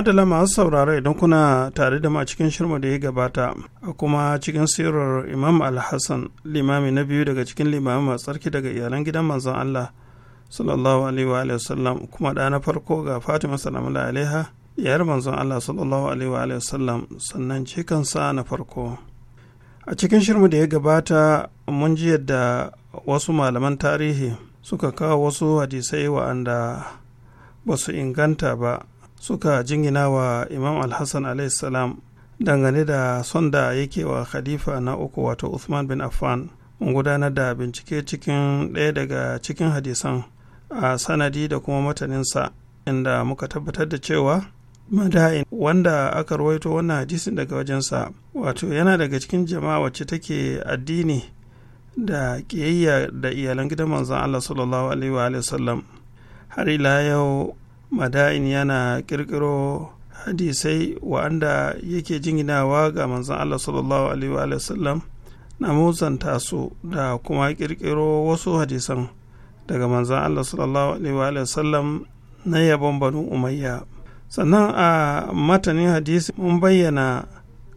Madala masu saurara idan kuna tare da ma cikin shirma da ya gabata a kuma cikin sirar Imam alhassan hassan limami na biyu daga cikin limami masu tsarki daga iyalan gidan manzon Allah sallallahu alaihi wa sallam kuma ɗa na farko ga Fatima salamu alaiha iyar manzon Allah sallallahu alaihi wa sallam sannan sa na farko. A cikin shirma da ya gabata mun ji yadda wasu malaman tarihi suka kawo wasu hadisai wa'anda ba su inganta ba suka jingina wa imam alhassan salam dangane da son da yake wa khalifa na uku wato Usman bin affan mun gudanar da bincike cikin ɗaya daga cikin hadisan a sanadi da kuma mataninsa inda muka tabbatar da cewa mada'in wanda aka rawaito wannan hadisin daga wajensa wato yana daga cikin jama'a wacce take addini da kiyayya da iyalan gidan manzon Allah sallallahu alaihi wa sallam har ila yau mada'in yana kirkiro hadisai wa'anda yake jinginawa ga manzon Allah sallallahu alaihi wa sallam na musanta su da kuma kirkiro wasu hadisan daga manzon Allah sallallahu alaihi wa sallam na yabon banu umayya sannan a matanin hadisi mun bayyana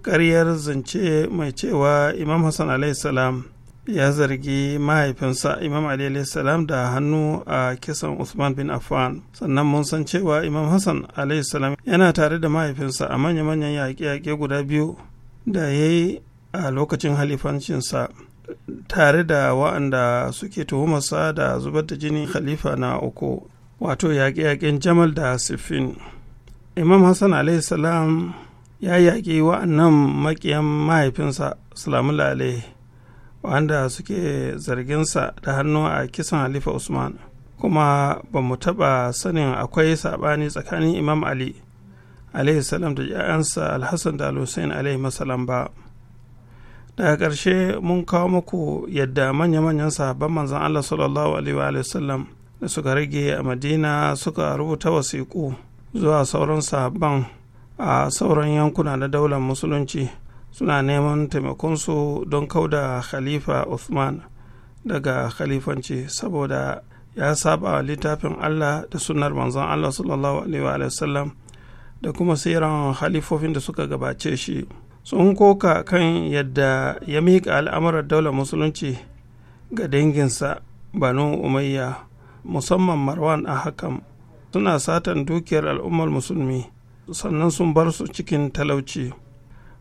ƙaryar zance mai cewa imam hassan salam ya zargi mahaifinsa imam ali salam da hannu a kisan usman bin affan sannan mun san cewa imam hassan salam yana tare da mahaifinsa a manya-manyan yaƙe-yaƙe guda biyu da ya yi a lokacin halifancinsa tare da wa'anda suke tuhumarsa da zubar da jini khalifa na uku wato yaƙe-yaƙen jamal da siffin imam hassan salam ya yaƙi wa'annan maƙiyan mahaifinsa salamu alaihi wanda suke zarginsa da hannu a kisan halifa usman kuma ba mu taɓa sanin akwai saɓani tsakanin imam ali alaihi salam da ‘ya'yansa alhassan da alhussein salam ba daga ƙarshe mun kawo muku yadda manya-manyan sahabban manzan allah sallallahu alaihi wa sallam da suka rage a madina suka rubuta wasiƙu zuwa sauran sahabban a sauran yankuna na daular musulunci suna neman taimakonsu don kauda khalifa Uthman daga khalifanci saboda ya saba littafin Allah da sunar manzon Allah sallallahu alaihi wasallam da kuma siran halifofin da suka gabace shi sun koka kan yadda ya miƙa al'amuran daular musulunci ga danginsa banu umayya musamman marwan a hakan suna satan dukiyar al'ummar musulmi sannan sun bar su cikin talauci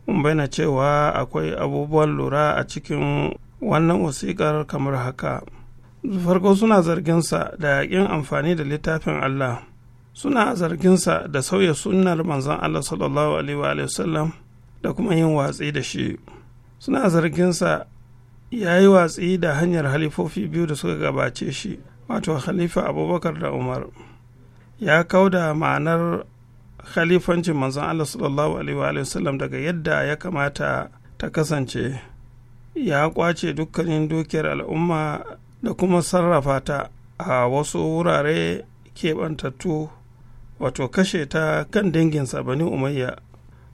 mun bayyana cewa akwai abubuwan lura a cikin wannan wasiƙar kamar haka farko suna zarginsa da yakin amfani da littafin allah suna zarginsa da sauya sunnar manzon allah sallallahu alaihi wasallam da kuma yin watsi da shi suna zarginsa ya yi watsi da hanyar halifofi biyu da suka gabace shi wato khalifa abubakar da umar ya kauda ma'anar khalifancin manzon Allah sallallahu alaihi wasallam daga yadda ya kamata ta kasance ya kwace dukkanin dukiyar al'umma da kuma sarrafa ta a wasu wurare keɓantattu wato kashe ta kan danginsa bani umayya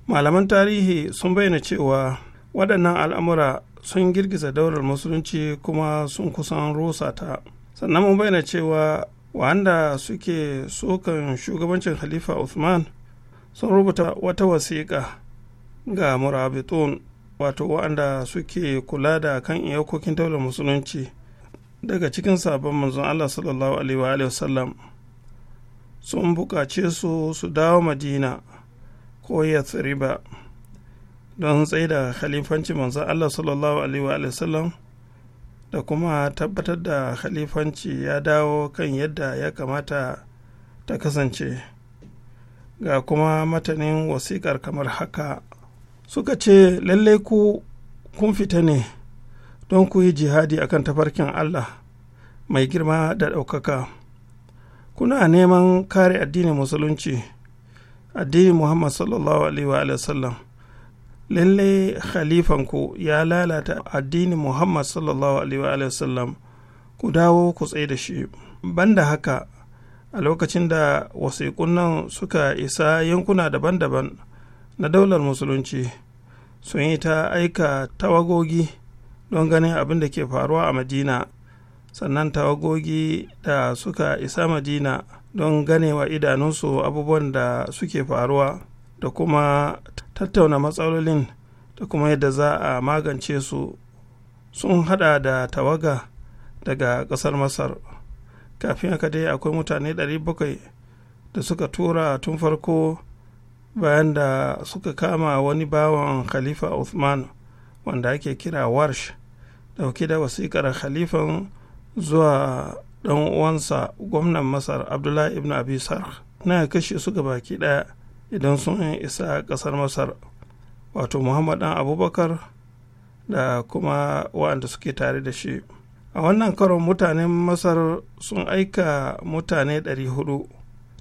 malaman tarihi sun bayyana cewa waɗannan al'amura sun girgiza daular musulunci kuma sun kusan rusa ta sannan mun bayyana cewa wanda suke sokan shugabancin halifa Usman. sun rubuta wata wasiƙa ga murabitun wato waɗanda suke kula da kan iyakokin daular musulunci daga cikin sabon manzon Allah sallallahu alaihi sallam sun buƙace su su dawo madina ko yathriba don tsaye da khalifanci manzon Allah sallallahu alaihi sallam da kuma tabbatar da khalifanci ya dawo kan yadda ya kamata ta kasance. ga kuma matanin wasiƙar kamar haka suka ce lallai ku kun fita ne don ku yi jihadi akan tafarkin Allah mai girma da ɗaukaka kuna neman kare addinin musulunci addinin Muhammad sallallahu alaihi wa sallam lallai khalifanku ya lalata addinin Muhammad sallallahu alaihi wa sallam ku dawo ku tsaye da shi banda haka a lokacin da wasiƙun nan suka isa yankuna daban-daban na daular musulunci sun yi ta aika tawagogi don ganin abin da ke faruwa a madina sannan tawagogi da suka isa madina don gane wa idanunsu abubuwan da suke faruwa da kuma tattauna matsalolin da kuma yadda za a magance su sun hada da tawaga daga ƙasar masar kafin haka dai akwai mutane 700 da suka tura tun farko bayan da suka kama wani bawan khalifa Uthman wanda ake kira warsh dauke da wasikar khalifan zuwa dan uwansa gwamnan masar abdullahi ibn abi sarh na kashe su ga baki ɗaya idan sun isa ƙasar masar wato muhammad dan abubakar da kuma waɗanda suke tare da shi a wannan karon mutanen masar sun aika mutane 400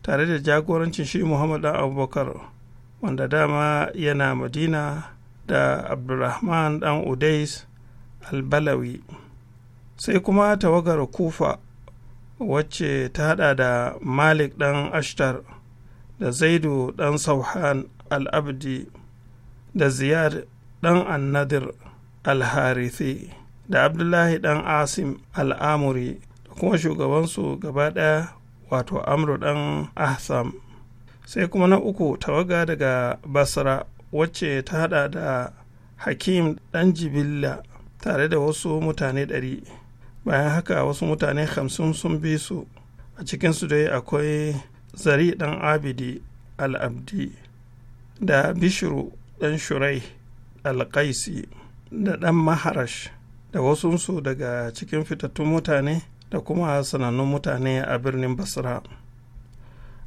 tare da jagorancin shi muhammad dan abubakar wanda dama yana madina da abdulrahman dan udais albalawi sai kuma tawagar kufa wacce ta hada da malik dan ashtar da zaidu dan sauhan al abdi da ziyar dan annadir al-harithi da abdullahi dan asim al'amuri da kuma shugabansu gaba ɗaya wato amru dan ahsam sai kuma na uku tawaga daga basra wacce ta hada da hakim dan jibilla tare da wasu mutane ɗari bayan haka wasu mutane hamsin sun bi su a cikinsu dai akwai zari dan abidi al'abdi da bishiru dan shurai alƙaisi da dan maharash da wasunsu daga cikin fitattun mutane da kuma sanannun mutane a birnin basra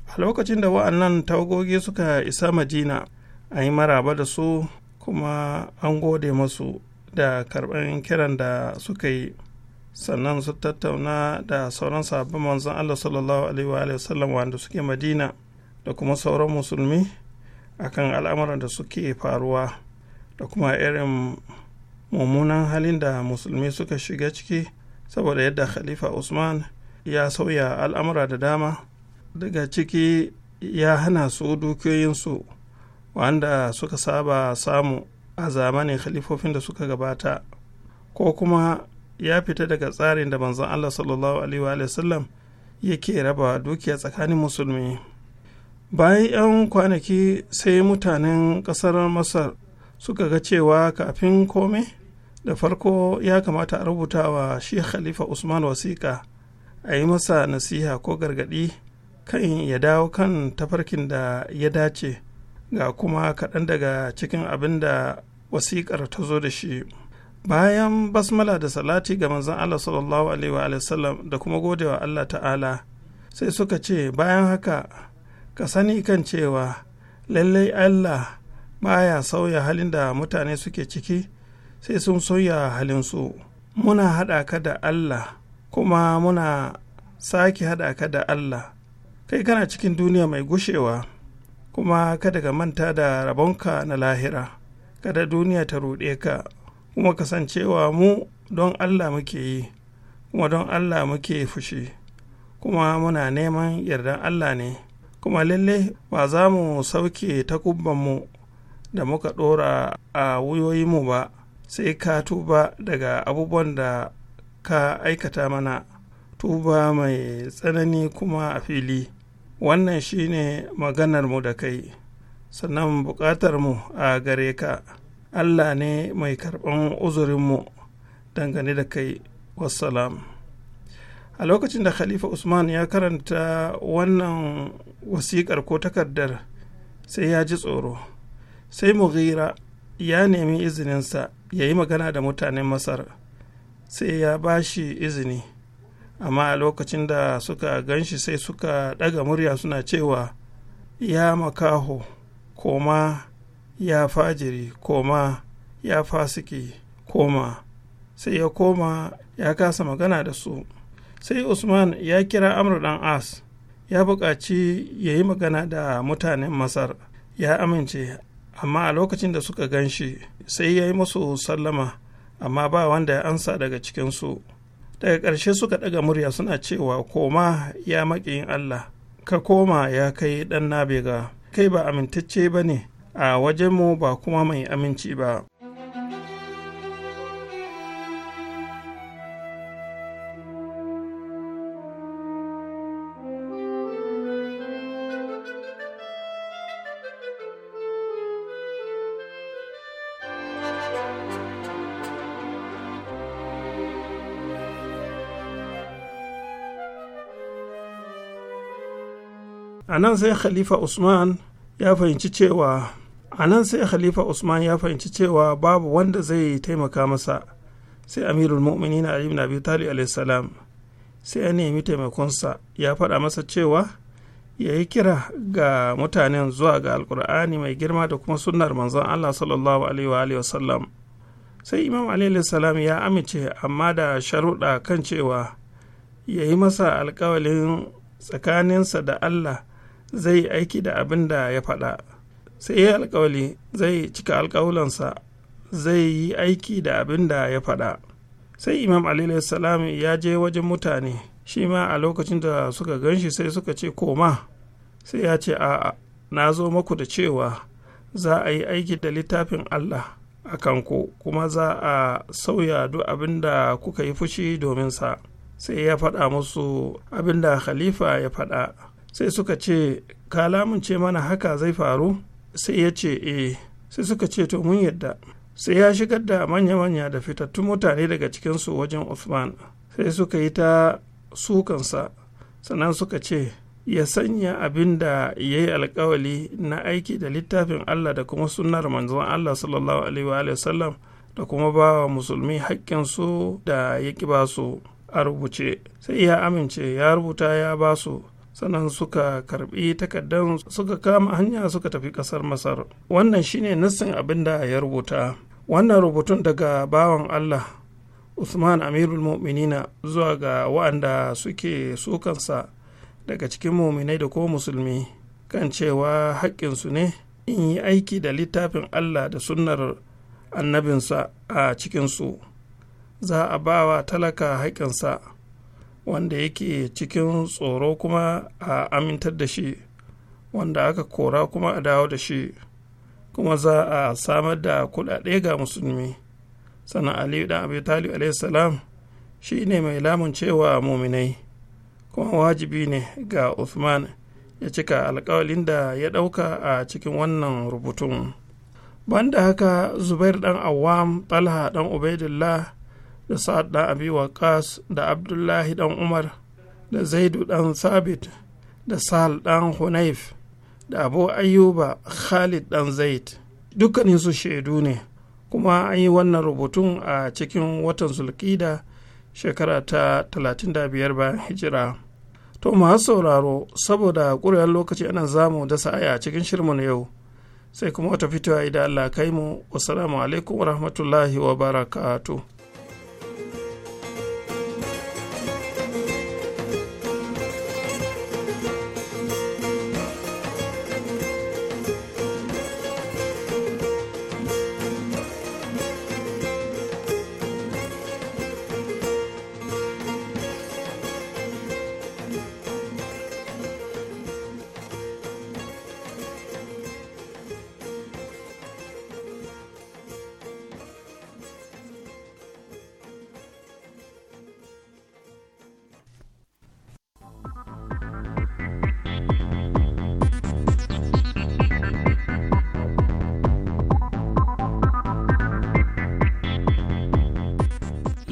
a lokacin da wa'annan tawagogi suka isa majina a yi maraba da su kuma an gode masu da karɓar kiran da suka yi sannan su tattauna da sauran sabbin manzon allah sallallahu alaihi sallam wanda suke madina da kuma sauran musulmi akan al'amuran da suke faruwa da kuma irin mummunan halin da musulmi suka shiga ciki saboda yadda khalifa usman ya sauya al'amura da dama daga ciki ya hana su dukiyoyinsu wanda suka saba samu a zamanin khalifofin da suka gabata ko kuma ya fita daga tsarin da manzon Allah sallallahu alaihi wa sallam yake raba dukiya tsakanin musulmi bayan 'yan kwanaki sai mutanen ƙasar masar suka ga cewa kafin komai. da farko ya kamata a rubuta wa shi khalifa usman wasiƙa a yi masa nasiha ko gargaɗi kan ya dawo kan tafarkin da ya dace ga kuma kaɗan daga cikin abin da wasiƙar ta zo da shi bayan basmala da salati ga manzon allah sallallahu alaihi wa da kuma godewa allah ta'ala sai suka ce bayan haka ka sani kan cewa lallai allah baya sauya halin da mutane suke ciki sai sun soya halinsu muna haɗa ka da allah kuma muna sake haɗa ka da allah kai kana cikin duniya mai gushewa kuma kada ka manta da rabonka na lahira kada duniya ta ruɗe ka kuma kasancewa mu don allah muke yi kuma don allah muke fushi kuma muna neman yardan allah ne kuma lalle ba za mu sauke takubbanmu da muka ɗora a wuyoyinmu ba sai ka tuba daga abubuwan da ka aikata mana tuba mai tsanani kuma a fili wannan shine maganarmu da kai sannan mu a gare ka allah ne mai karɓan uzurinmu dangane da kai wassalam a lokacin da khalifa usman ya karanta wannan wasiƙar ko takardar sai ya ji tsoro sai mughira ya nemi izininsa ya yi magana da mutanen masar sai ya ba shi izini amma a lokacin da suka gan shi sai suka ɗaga murya suna cewa ya makaho koma ya fajiri koma ya fasiki koma sai ya koma ya kasa magana da su sai usman ya kira amur dan as ya buƙaci ya yi magana da mutanen masar ya amince amma a lokacin da suka gan shi sai ya yi musu sallama amma ba wanda ya ansa daga cikinsu daga ƙarshe suka ɗaga murya suna cewa koma ya maƙiyin allah ka koma ya kai ɗan nabega kai ba amintacce ba ne a wajenmu ba kuma mai aminci ba a nan sai khalifa usman ya fahimci cewa a nan sai khalifa usman ya fahimci cewa babu wanda zai taimaka masa sai amirul mu'minin ali ibn abi talib salam sai ya nemi taimakonsa ya faɗa masa cewa ya yi kira ga mutanen zuwa ga alkur'ani mai girma da kuma sunnar manzon allah sallallahu alaihi wa sallam sai imam alayhi salam ya amince amma da sharuɗa kan cewa ya yi masa alkawalin tsakaninsa da allah zai yi aiki da abin da ya faɗa sai ya alkawali zai cika alkawulansa zai yi aiki da abin da ya faɗa sai imam alaihi salam ya je wajen mutane shi ma a lokacin da suka gan shi sai suka ce koma sai ya ce a'a na zo maku da cewa za a yi aiki da littafin allah a kanku kuma za a sauya duk abin da kuka yi fushi domin sa sai ya faɗa musu abin da khalifa ya faɗa sai suka ce ka lamunce mana haka zai faru sai ya ce e sai suka ce to mun yadda sai ya shigar da manya-manya da fitattun mutane daga cikinsu wajen Usman. sai suka yi ta sukansa sannan suka ce ya sanya abin da ya yi alkawali na aiki da littafin Allah da kuma sunnar manzon Allah sallallahu alaihi sallam da kuma ba wa musulmi haƙƙinsu da ya ƙi su, a rubuce sai ya amince ya rubuta ya basu sannan suka karbi takardar suka kama hanya suka tafi kasar masar wannan shine nassin abin da ya rubuta wannan rubutun daga bawan allah usman amirul mu'minina zuwa ga wa'anda suke sukansa daga cikin muminai da ko musulmi kan cewa haƙƙinsu ne in yi aiki da littafin allah da sunnar annabinsa a cikinsu za a bawa wa talaka haƙƙinsa wanda yake cikin tsoro kuma a amintar da shi wanda aka kora kuma a dawo da shi kuma za a samar da kuɗaɗe ga musulmi sannan aliyu dan abi talib salam shi ne mai lamun cewa muminai kuma wajibi ne ga uthman ya cika alkawalin da ya ɗauka a cikin wannan rubutun banda haka zubair dan awam talha dan ubaidullah da sa'ad ɗan abi waqas da abdullahi ɗan umar da zaidu ɗan sabit da sal ɗan Hunaif, da abu Ayuba khalid ɗan zaid dukkaninsu shaidu ne kuma an yi wannan rubutun a cikin watan zulkida shekara ta 35 bayan hijira to ma sauraro saboda ƙuriyar lokaci ana zamu dasa aya a cikin shirmu yau sai kuma wata fitowa idan allah kai mu wasu alaikum wa rahmatullahi wa barakatu.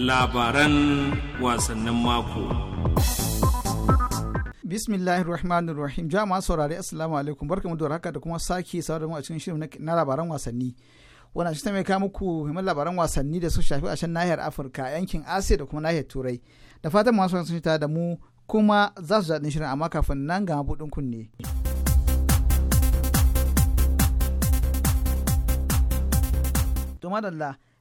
labaran wasannin mako. bismillahir rahmanir rahim jama'a saurari assalamu alaikum barkamu da haka da kuma sake saurari mu a cikin shirin na labaran wasanni wannan shi ta mai kawo muku muhimman labaran wasanni da su shafi a can nahiyar afirka yankin asiya da kuma nahiyar turai da fatan masu sun ta da mu kuma za su daɗin shirin amma kafin nan ga mabuɗin kunne. to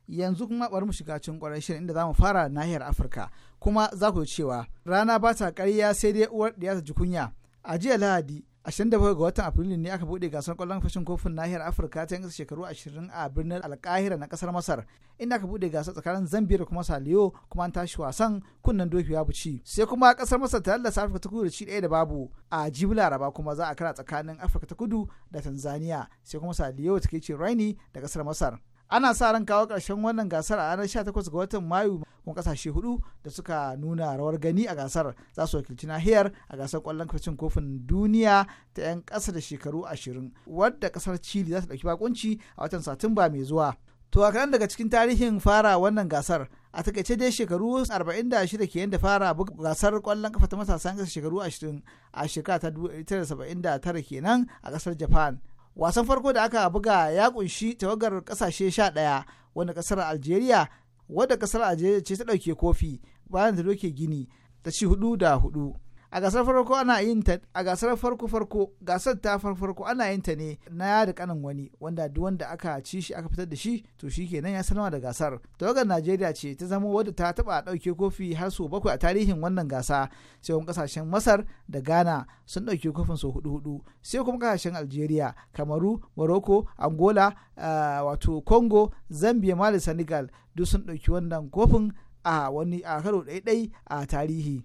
yanzu kuma bari mu shiga cikin kwarai shirin inda zamu fara nahiyar afirka kuma za ku cewa rana ba ta ƙarya sai dai uwar ɗaya ta ji kunya a jiya lahadi 27 ga watan afrilu ne aka buɗe gasar ƙwallon fashin kofin nahiyar afirka ta yanzu shekaru 20 a birnin alkahira na kasar masar inda aka buɗe gasar tsakanin zambia da kuma saliyo kuma an tashi wasan kunnen doki babu ci sai kuma kasar masar ta lallasa afirka ta kudu da ci daya da babu a jibi laraba kuma za a kara tsakanin afirka ta kudu da tanzania sai kuma saliyo ta ke ce raini da kasar masar ana sa ran kawo ƙarshen wannan gasar a ranar 18 ga watan mayu kuma kasashe hudu da suka nuna rawar gani a gasar za su wakilci nahiyar a gasar kwallon kwacin kofin duniya ta 'yan ƙasa da shekaru 20 wadda kasar chile za ta ɗauki bakunci a watan satumba mai zuwa to a daga cikin tarihin fara wannan gasar a takaice dai shekaru 46 ke yadda fara gasar kwallon kafa ta matasan ƙasa shekaru 20 a shekara ta 1979 kenan a ƙasar japan wasan farko da aka buga ya kunshi tawagar kasashe sha ɗaya wanda kasar algeria wadda kasar algeria ce ta dauke kofi bayan da doke gini ta ci hudu da hudu a gasar farko ana yin ta a gasar farko farko gasar ta farko ana yin ta ne na ya da kanin wani wanda duk wanda aka ci shi aka fitar da shi to shi kenan ya sanarwa da gasar tawagar najeriya ce ta zama wadda ta taba dauke kofi har sau bakwai a tarihin wannan gasa sai kuma kasashen masar da ghana sun dauke kofin sau hudu hudu sai kuma kasashen algeria kamaru morocco angola eh, wato congo zambia mali senegal duk sun dauki wannan kofin a wani a karo ɗaiɗai a tarihi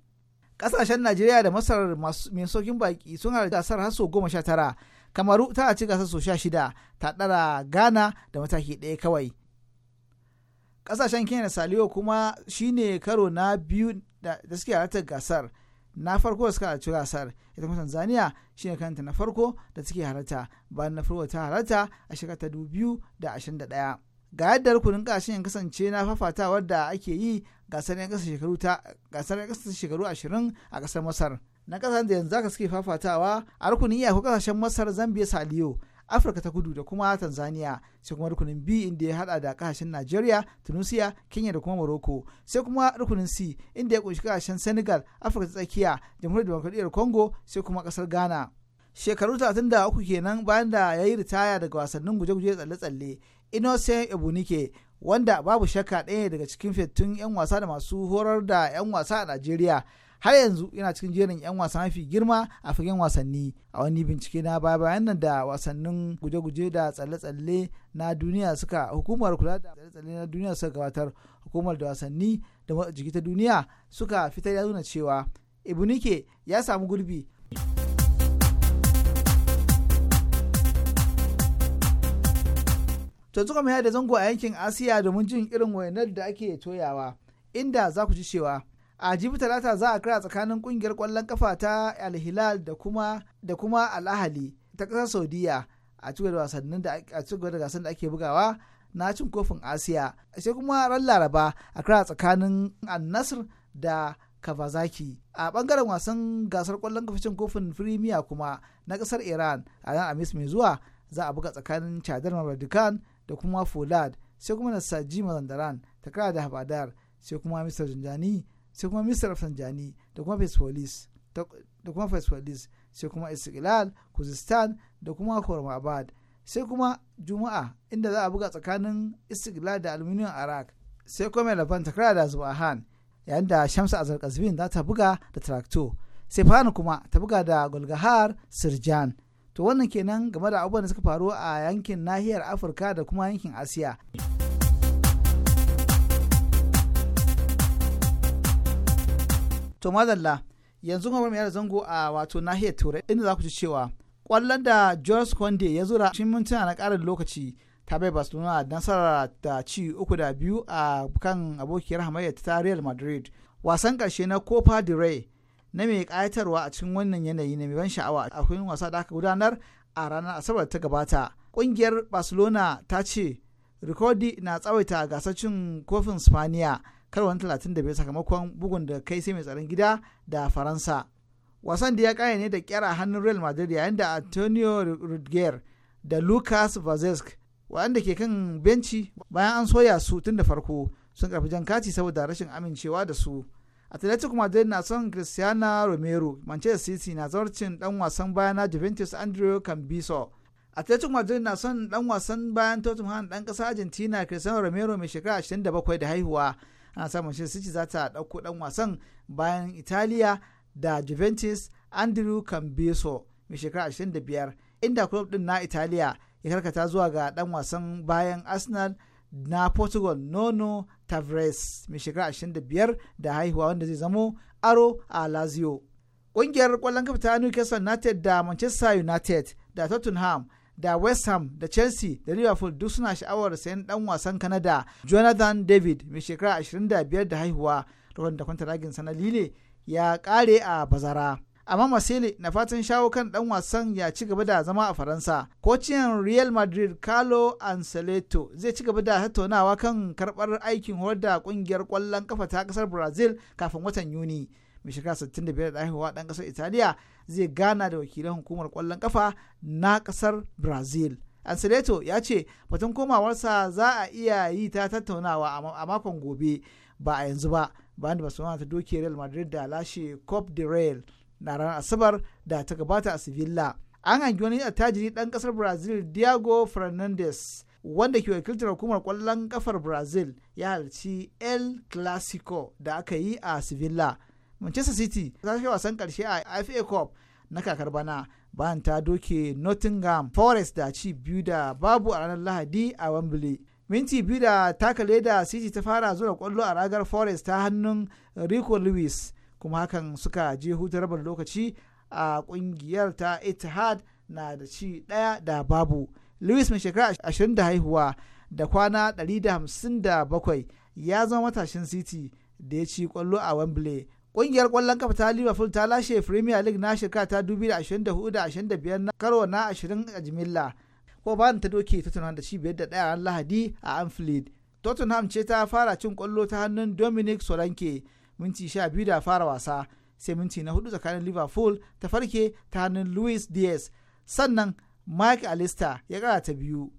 kasashen najeriya da masar mai sokin baki sun halarci gasar har sau goma sha tara kamaru ta ci gasar sau sha shida ta ɗara ghana da mataki ɗaya kawai kasashen kenya da saliyo kuma shine karo na biyu da suke halartar gasar na farko da suka halarci gasar ita kuma tanzania shine kanta na farko da suke halarta bayan na farko ta halarta a shekara ta ɗaya ga yadda rukunin kasashen kasance na fafatawar da ake yi gasar yan kasa shekaru ta 20 a kasar Masar na kasar da yanzu aka suke fafatawa a rukunin ko kasashen Masar Zambia Saliyo Afirka ta Kudu da kuma Tanzania sai kuma rukunin B inda ya hada da kasashen nigeria Tunisia, Kenya da kuma Morocco sai kuma rukunin C inda ya kunshi kasashen Senegal, Afirka ta Tsakiya, Jamhuriyar Demokradiyyar Congo sai kuma kasar Ghana. shekaru 33 kenan bayan da ya yi ritaya daga wasannin guje-guje tsalle-tsalle innocent ebunike wanda babu shakka ɗaya daga cikin fetun 'yan wasa da masu horar da 'yan wasa a najeriya har yanzu yana cikin jerin 'yan wasa mafi girma a fagen wasanni a wani bincike na baya bayan nan da wasannin guje-guje da tsalle-tsalle na duniya suka hukumar kula da tsalle-tsalle na duniya suka gabatar hukumar da wasanni da jiki ta duniya suka fitar ya nuna cewa ibunike ya samu gurbi. To zuka mai da zango a yankin Asiya domin jin irin wayanar da ake toyawa, inda za ku ji cewa a jibi talata za a kira tsakanin kungiyar kwallon kafa ta alhilal da kuma da kuma al'ahali ta ƙasar saudiya a cikin wasannin da a cikin da gasar da ake bugawa na cin kofin asiya sai kuma ran laraba a kira tsakanin annasr da kabazaki a bangaren wasan gasar kwallon kafa cin kofin firimiya kuma na ƙasar iran a ran amis mai zuwa za a buga tsakanin chadar mabardikan da kuma folad sai kuma nasaji mazandaran ta kara da habadar sai kuma mr janjani sai kuma mr afsanjani da kuma fesfolis da kuma fesfolis sai kuma istiklal kuzistan da kuma kormabad sai kuma juma'a inda za a buga tsakanin istiklal da aluminium arak sai kuma mai ta kara da zubahan yayin da shamsa azar kazbin za ta buga da traktor sai fana kuma ta buga da golgahar sirjan to wannan kenan game da abubuwan da suka faru a yankin nahiyar afirka da kuma yankin asiya to madalla yanzu kuma mai zango a wato nahiyar turai inda za ku ci cewa kwallon da george conde ya zura cikin mintuna na karin lokaci ta bai barcelona nasara da ci uku da biyu a kan abokiyar hamayyar ta real madrid wasan karshe na copa del rey na mai ƙayatarwa a cikin wannan yanayi na mai ban sha'awa a filin wasa da aka gudanar a ranar asabar ta gabata ƙungiyar barcelona ta ce rikodi na tsawaita gasar cin kofin spaniya karwan 35 sakamakon bugun da kai sai mai tsaron gida da faransa wasan da ya kaya ne da kyara hannun real madrid yayin da antonio rudiger da lucas vazesk waɗanda ke kan benci bayan an soya su tun da farko sun karfi jan kati saboda rashin amincewa da su atletico madrid na son cristiano romero manchester city na zarcin dan wasan bayan na juventus andrew cambiso atletico madrid na son dan wasan bayan tottenham dan kasar argentina cristiano romero mai shekara 27 da haihuwa ana sa manchester city za ta dauko dan wasan bayan italiya da juventus andrew cambiso mai shekara 25 inda club din na italiya ya karkata zuwa ga dan wasan bayan arsenal na portugal nono tavares mai shekara 25 da haihuwa wanda zai zamo aro a lazio ƙungiyar kwallon kafa ta newcastle united da manchester united da tottenham da west ham da chelsea da liverpool duk suna sha'awar sayan dan wasan canada jonathan david mai shekara 25 da haihuwa da kwanta ragin sana lile ya kare a bazara amma masili na fatan shawo kan dan wasan ya ci gaba da zama a faransa kocin real madrid carlo ancelotti zai ci gaba da tattaunawa kan karbar aikin horar da kungiyar kwallon kafa ta kasar brazil kafin watan yuni mai shekara 65 da haihuwa dan kasar italiya zai gana da wakilan hukumar kwallon kafa na kasar brazil ancelotti ya ce batun komawarsa za a iya yi ta tattaunawa a makon gobe ba a yanzu ba bayan da ta doke real madrid da lashe cop de real na ranar asabar da ta gabata a sevilla an hangi wani attajiri ɗan ƙasar brazil diego fernandes wanda ke wakiltar hukumar kwallon kafar brazil ya halarci el clasico da aka yi a sevilla manchester city ta kai wasan karshe a fa cup na kakar bana bayan ta doke nottingham forest da ci biyu da babu a ranar lahadi a wembley minti biyu da takale da city ta fara zura kwallo a ragar forest ta hannun rico lewis kuma hakan suka je hutun rabar lokaci a kungiyar ta Etihad na da ci daya da babu. Lewis mai shekara 20 da haihuwa da kwana 157 ya zama matashin City da ya ci kwallo a Wembley. Kungiyar kwallon kafa ta Liverpool ta lashe Premier League na shekara ta 2024-25 na karo na 20 a jimilla. Ko ba ta doke Tottenham da ci biyar da daya Lahadi a Anfield. Tottenham ce ta fara cin kwallo ta hannun Dominic Solanke minti sha biyu da fara wasa sai minti na hudu tsakanin liverpool ta farke ta hannun luis diaz sannan mike alista ya kara ta biyu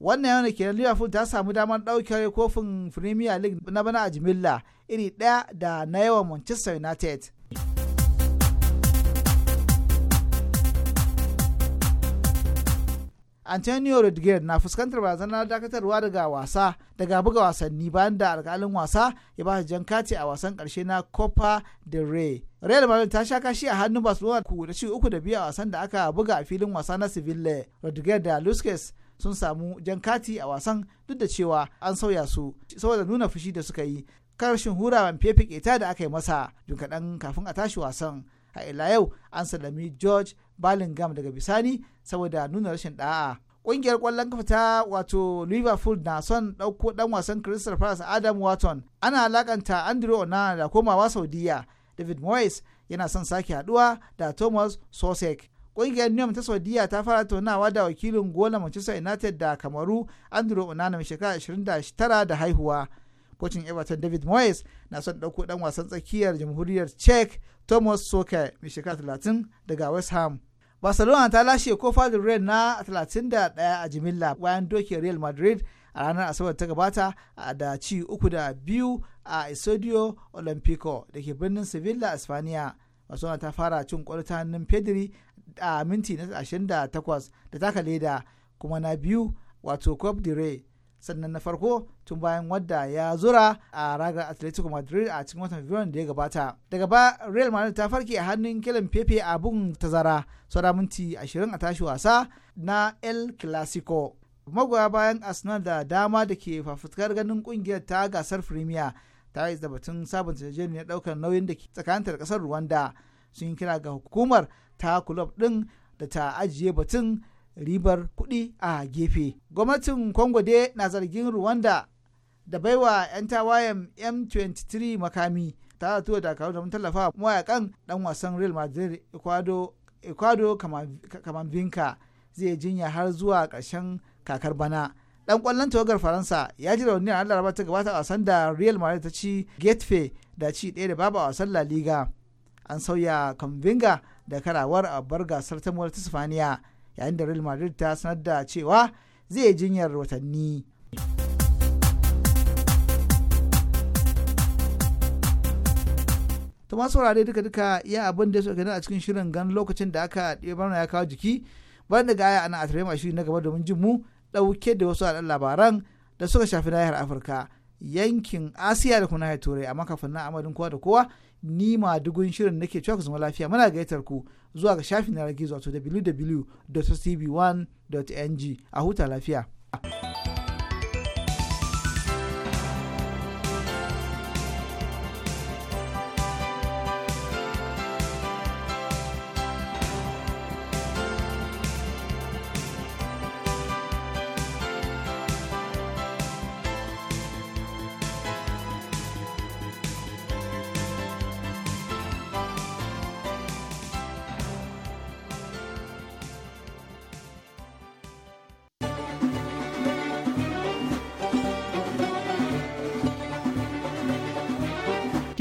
wannan yana kenan liverpool ta samu damar ɗaukar kofin premier league na bana a jimilla iri ɗaya da na yawan manchester united antonio rodriguez na fuskantar barazanar dakatarwa daga wasa daga buga wasanni bayan da alkalin wasa ya ba jan kati a wasan karshe na copa del rey real madrid ta sha kashi a hannun barcelona da ci uku da biyu a wasan da aka buga a filin wasa na sevilla rodriguez da luskes sun samu jan kati a wasan duk da cewa an sauya su saboda nuna fushi da suka yi karshen hurawan fefe ta da aka yi masa jin kaɗan kafin a tashi wasan a ila yau an sallami george balingam daga bisani saboda nuna rashin da'a ƙungiyar kwallon kafa ta wato liverpool na son ɗauko ɗan wasan crystal palace adam watson ana alakanta andrew na da komawa saudiya david moyes yana son sake haduwa da thomas sosek ƙungiyar newham ta saudiya ta fara tonawa da wakilin gola manchester united da kamaru andrew onana mai shekara 29 da haihuwa kocin everton david moyes na son ɗauko ɗan wasan tsakiyar jamhuriyar czech thomas Soke mai shekara 30 daga west ham barcelona ta lashe kofa del rey na 31 a jimilla bayan doke real madrid a ranar asabar ta gabata da ci uku da biyu a isodio olimpico da ke birnin sevilla a spaniya barcelona ta fara cin kwallo hannun pedri a minti na 28 da taka leda kuma na biyu wato cop de rey sannan na farko tun bayan wadda ya zura a ragar atletico madrid a cikin watan fabrairu da ya gabata daga ba real madrid ta farke a hannun kilin pepe a bugun tazara saura minti ashirin a tashi wasa na el clasico magoya bayan arsenal da dama da ke fafutukar ganin kungiyar ta gasar premier ta yi da batun sabunta na daukar nauyin da ke tsakaninta da kasar rwanda sun kira ga hukumar ta kulob din da ta ajiye batun ribar kuɗi a gefe gwamnatin congo dai na zargin rwanda da baiwa 'yan tawayen m23 makami ta zato da dakaru da tallafa mayakan dan wasan real madrid ecuador kamambinka zai jinya har zuwa ƙarshen kakar bana dan kwallon tawagar faransa ya ji rauni a laraba ta gabata a wasan da real madrid ta ci getafe da ci ɗaya da babu a wasan la liga an sauya kamvinga da karawar a bar gasar ta ta sifaniya yayin da real madrid ta sanar da cewa zai jinyar watanni ta masu saurare duka duka iya abin da ya soke a cikin shirin gan lokacin da aka ɗebar ya kawo jiki ban da a ana a tare shiri na gaba domin jin mu ɗauke da wasu al'adun labaran da suka shafi nahiyar afirka yankin asiya da kuma nahiyar turai amma kafin na amadin kowa da kowa ni ma dugun shirin nake cewa ku zama lafiya muna gaitar ku zuwa ga shafin na gizo to www.tv1.ng a huta lafiya.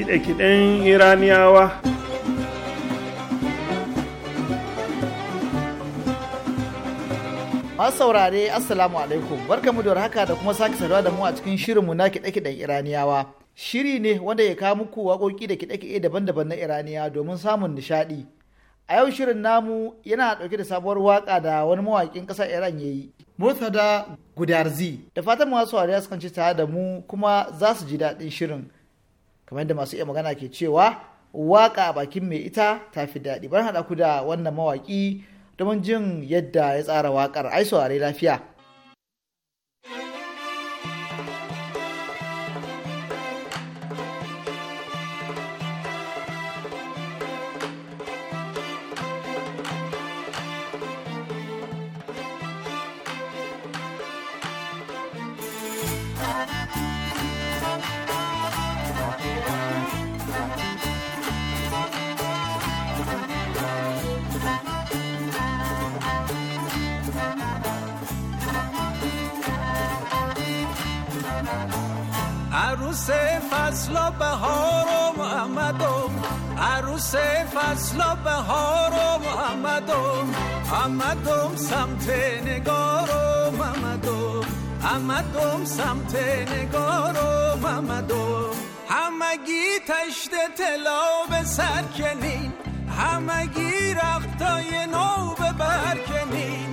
kiɗe-kiɗen iraniyawa masu saurare assalamu alaikum barkamu da haka da kuma sake saduwa da mu a cikin shirinmu na kiɗe-kiɗen iraniyawa shiri ne wanda ya kawo muku waƙoƙi da kiɗe-kiɗe daban-daban na iraniya domin samun nishaɗi a yau shirin namu yana ɗauke da sabuwar waƙa da wani mawaƙin ƙasar iran ya yi murtada gudarzi da fatan masu saurare su kan ci tare da mu kuma za su ji daɗin shirin kamar yadda masu iya magana ke cewa waka a bakin mai ita ta fi daɗi bar haɗa ku da wannan mawaƙi domin jin yadda ya tsara waƙar ai a lafiya عروس فصل و بهار و و عروس فصل بهار و محمد و سمت نگار و محمدم سمت نگار و و همگی تشت طلا به سر کنین همگی رختای نو به بر کنین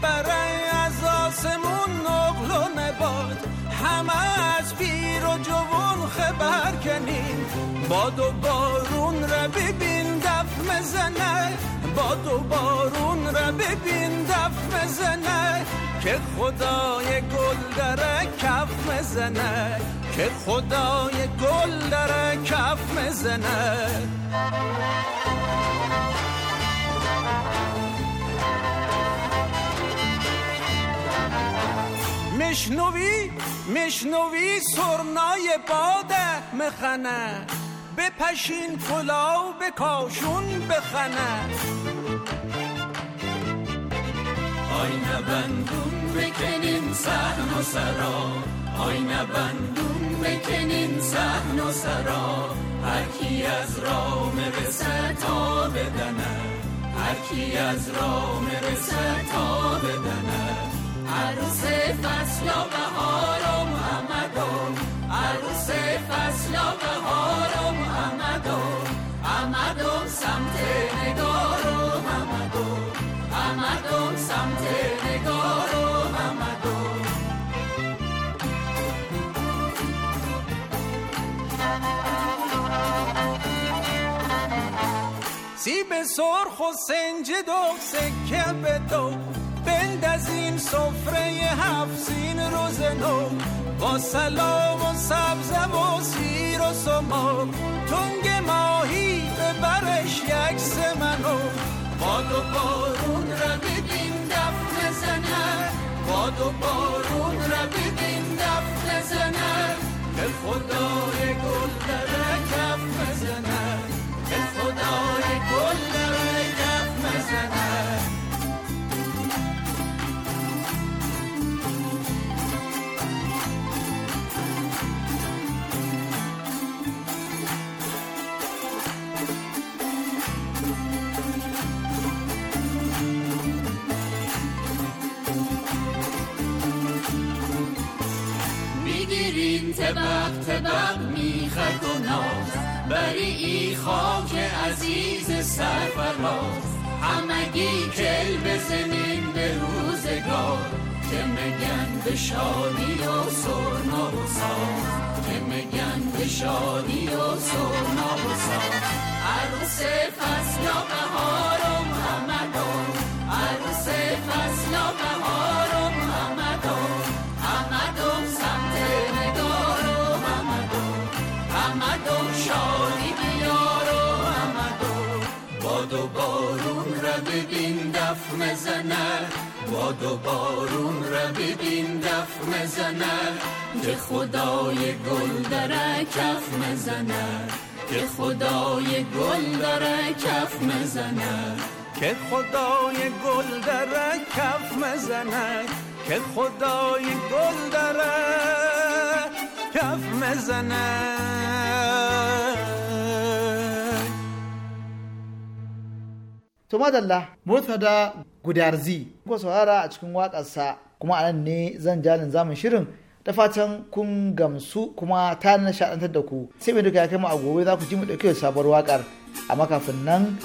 برای از آسمون نقل و نباد همه از بی جوون خبر کنیم با دو بارون را ببین دف مزنه با و بارون را ببین دف مزنه که خدای گل در کف مزنه که خدای گل در کف مزنه مشنوی مشنوی سرنای باده مخنه بپشین پلاو به کاشون بخنه آینه بندون بکنین سهن و سرا آینه بندون بکنین سهن و سرا هرکی از را مرسه تا بدنه هرکی از را مرسه تا بدنه عروس فصل و بهار و محمدم عروس فصل و بهار و محمد محمدم سمت نگار و محمدم محمدم سمت نگار و محمدم سیب سرخ و سنج دو سکه به دو این سفره سین روز نو با سلام و سبز و سیر و سما تنگ ماهی به برش یکس منو با و بارون رویدیم دفت زنر با و بارون رویدیم دفت زنر به خدای گل وقت تبق میخک و ناز بری خاک عزیز سرفراز همگی کل بزنیم به روزگار که مگن به شادی و سرنا و ساز که مگن به شادی و سرنا و ساز عروس فصل و بهارم دار عروس فصل و بهارم دف مزنه باد و بارون را ببین دف مزنه که خدای گل داره کف مزنه که خدای گل داره کف مزنه که خدای گل داره کف مزنه که خدای گل داره کف مزنه تو madalla مو da gudarzi ko saurara a cikin waƙarsa kuma a nan ne zan jalin zamun shirin ta fatan kun gamsu kuma ta nishaɗantar da ku sai mai duka ya kai mu a gobe za ku ji mu ɗauke da sabuwar waƙar a makafin nan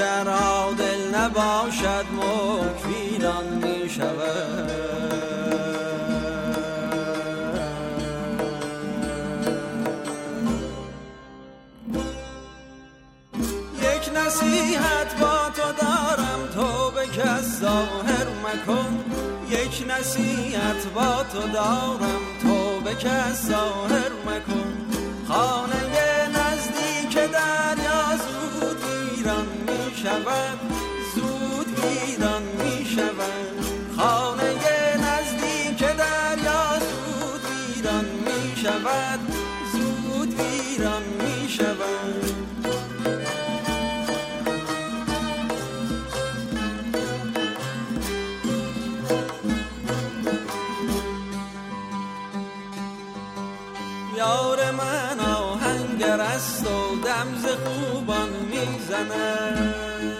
گر عادل نباشد مکفیدان می شود یک نصیحت با تو دارم تو به کس ظاهر مکن یک نصیحت با تو دارم تو به کس ظاهر مکن و دمز خوبان میزنم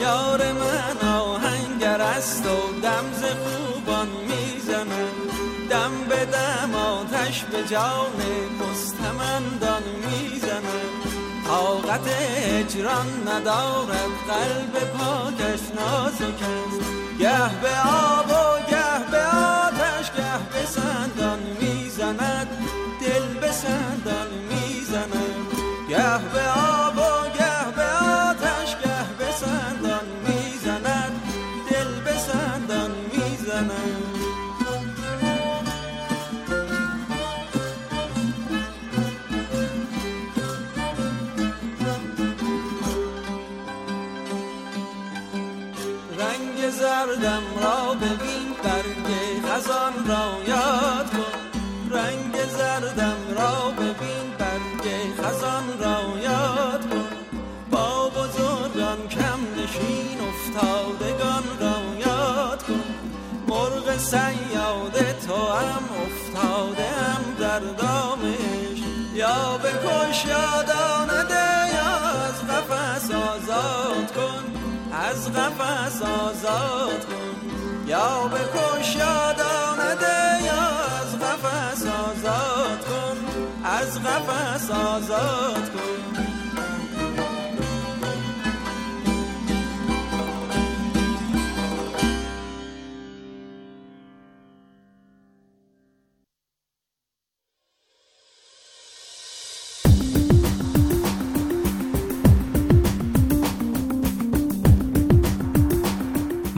یار من آهنگر است و دمز خوبان میزنه دم به دم آتش به جان مستمندان میزنه طاقت اجران ندارد قلب پاکش نازک است گه به آب و گه به آتش گه بسندان میزند دل بسندان میزند گه به خزان را یاد کن رنگ زردم را ببین برگ خزان را یاد کن با بزرگان کم نشین افتادگان را یاد کن مرغ سیاده تو هم افتاده هم در دامش یا به یا دانده یا از قفص آزاد کن از قفص آزاد کن یا به نده یا از قفص آزاد کن از قفص آزاد کن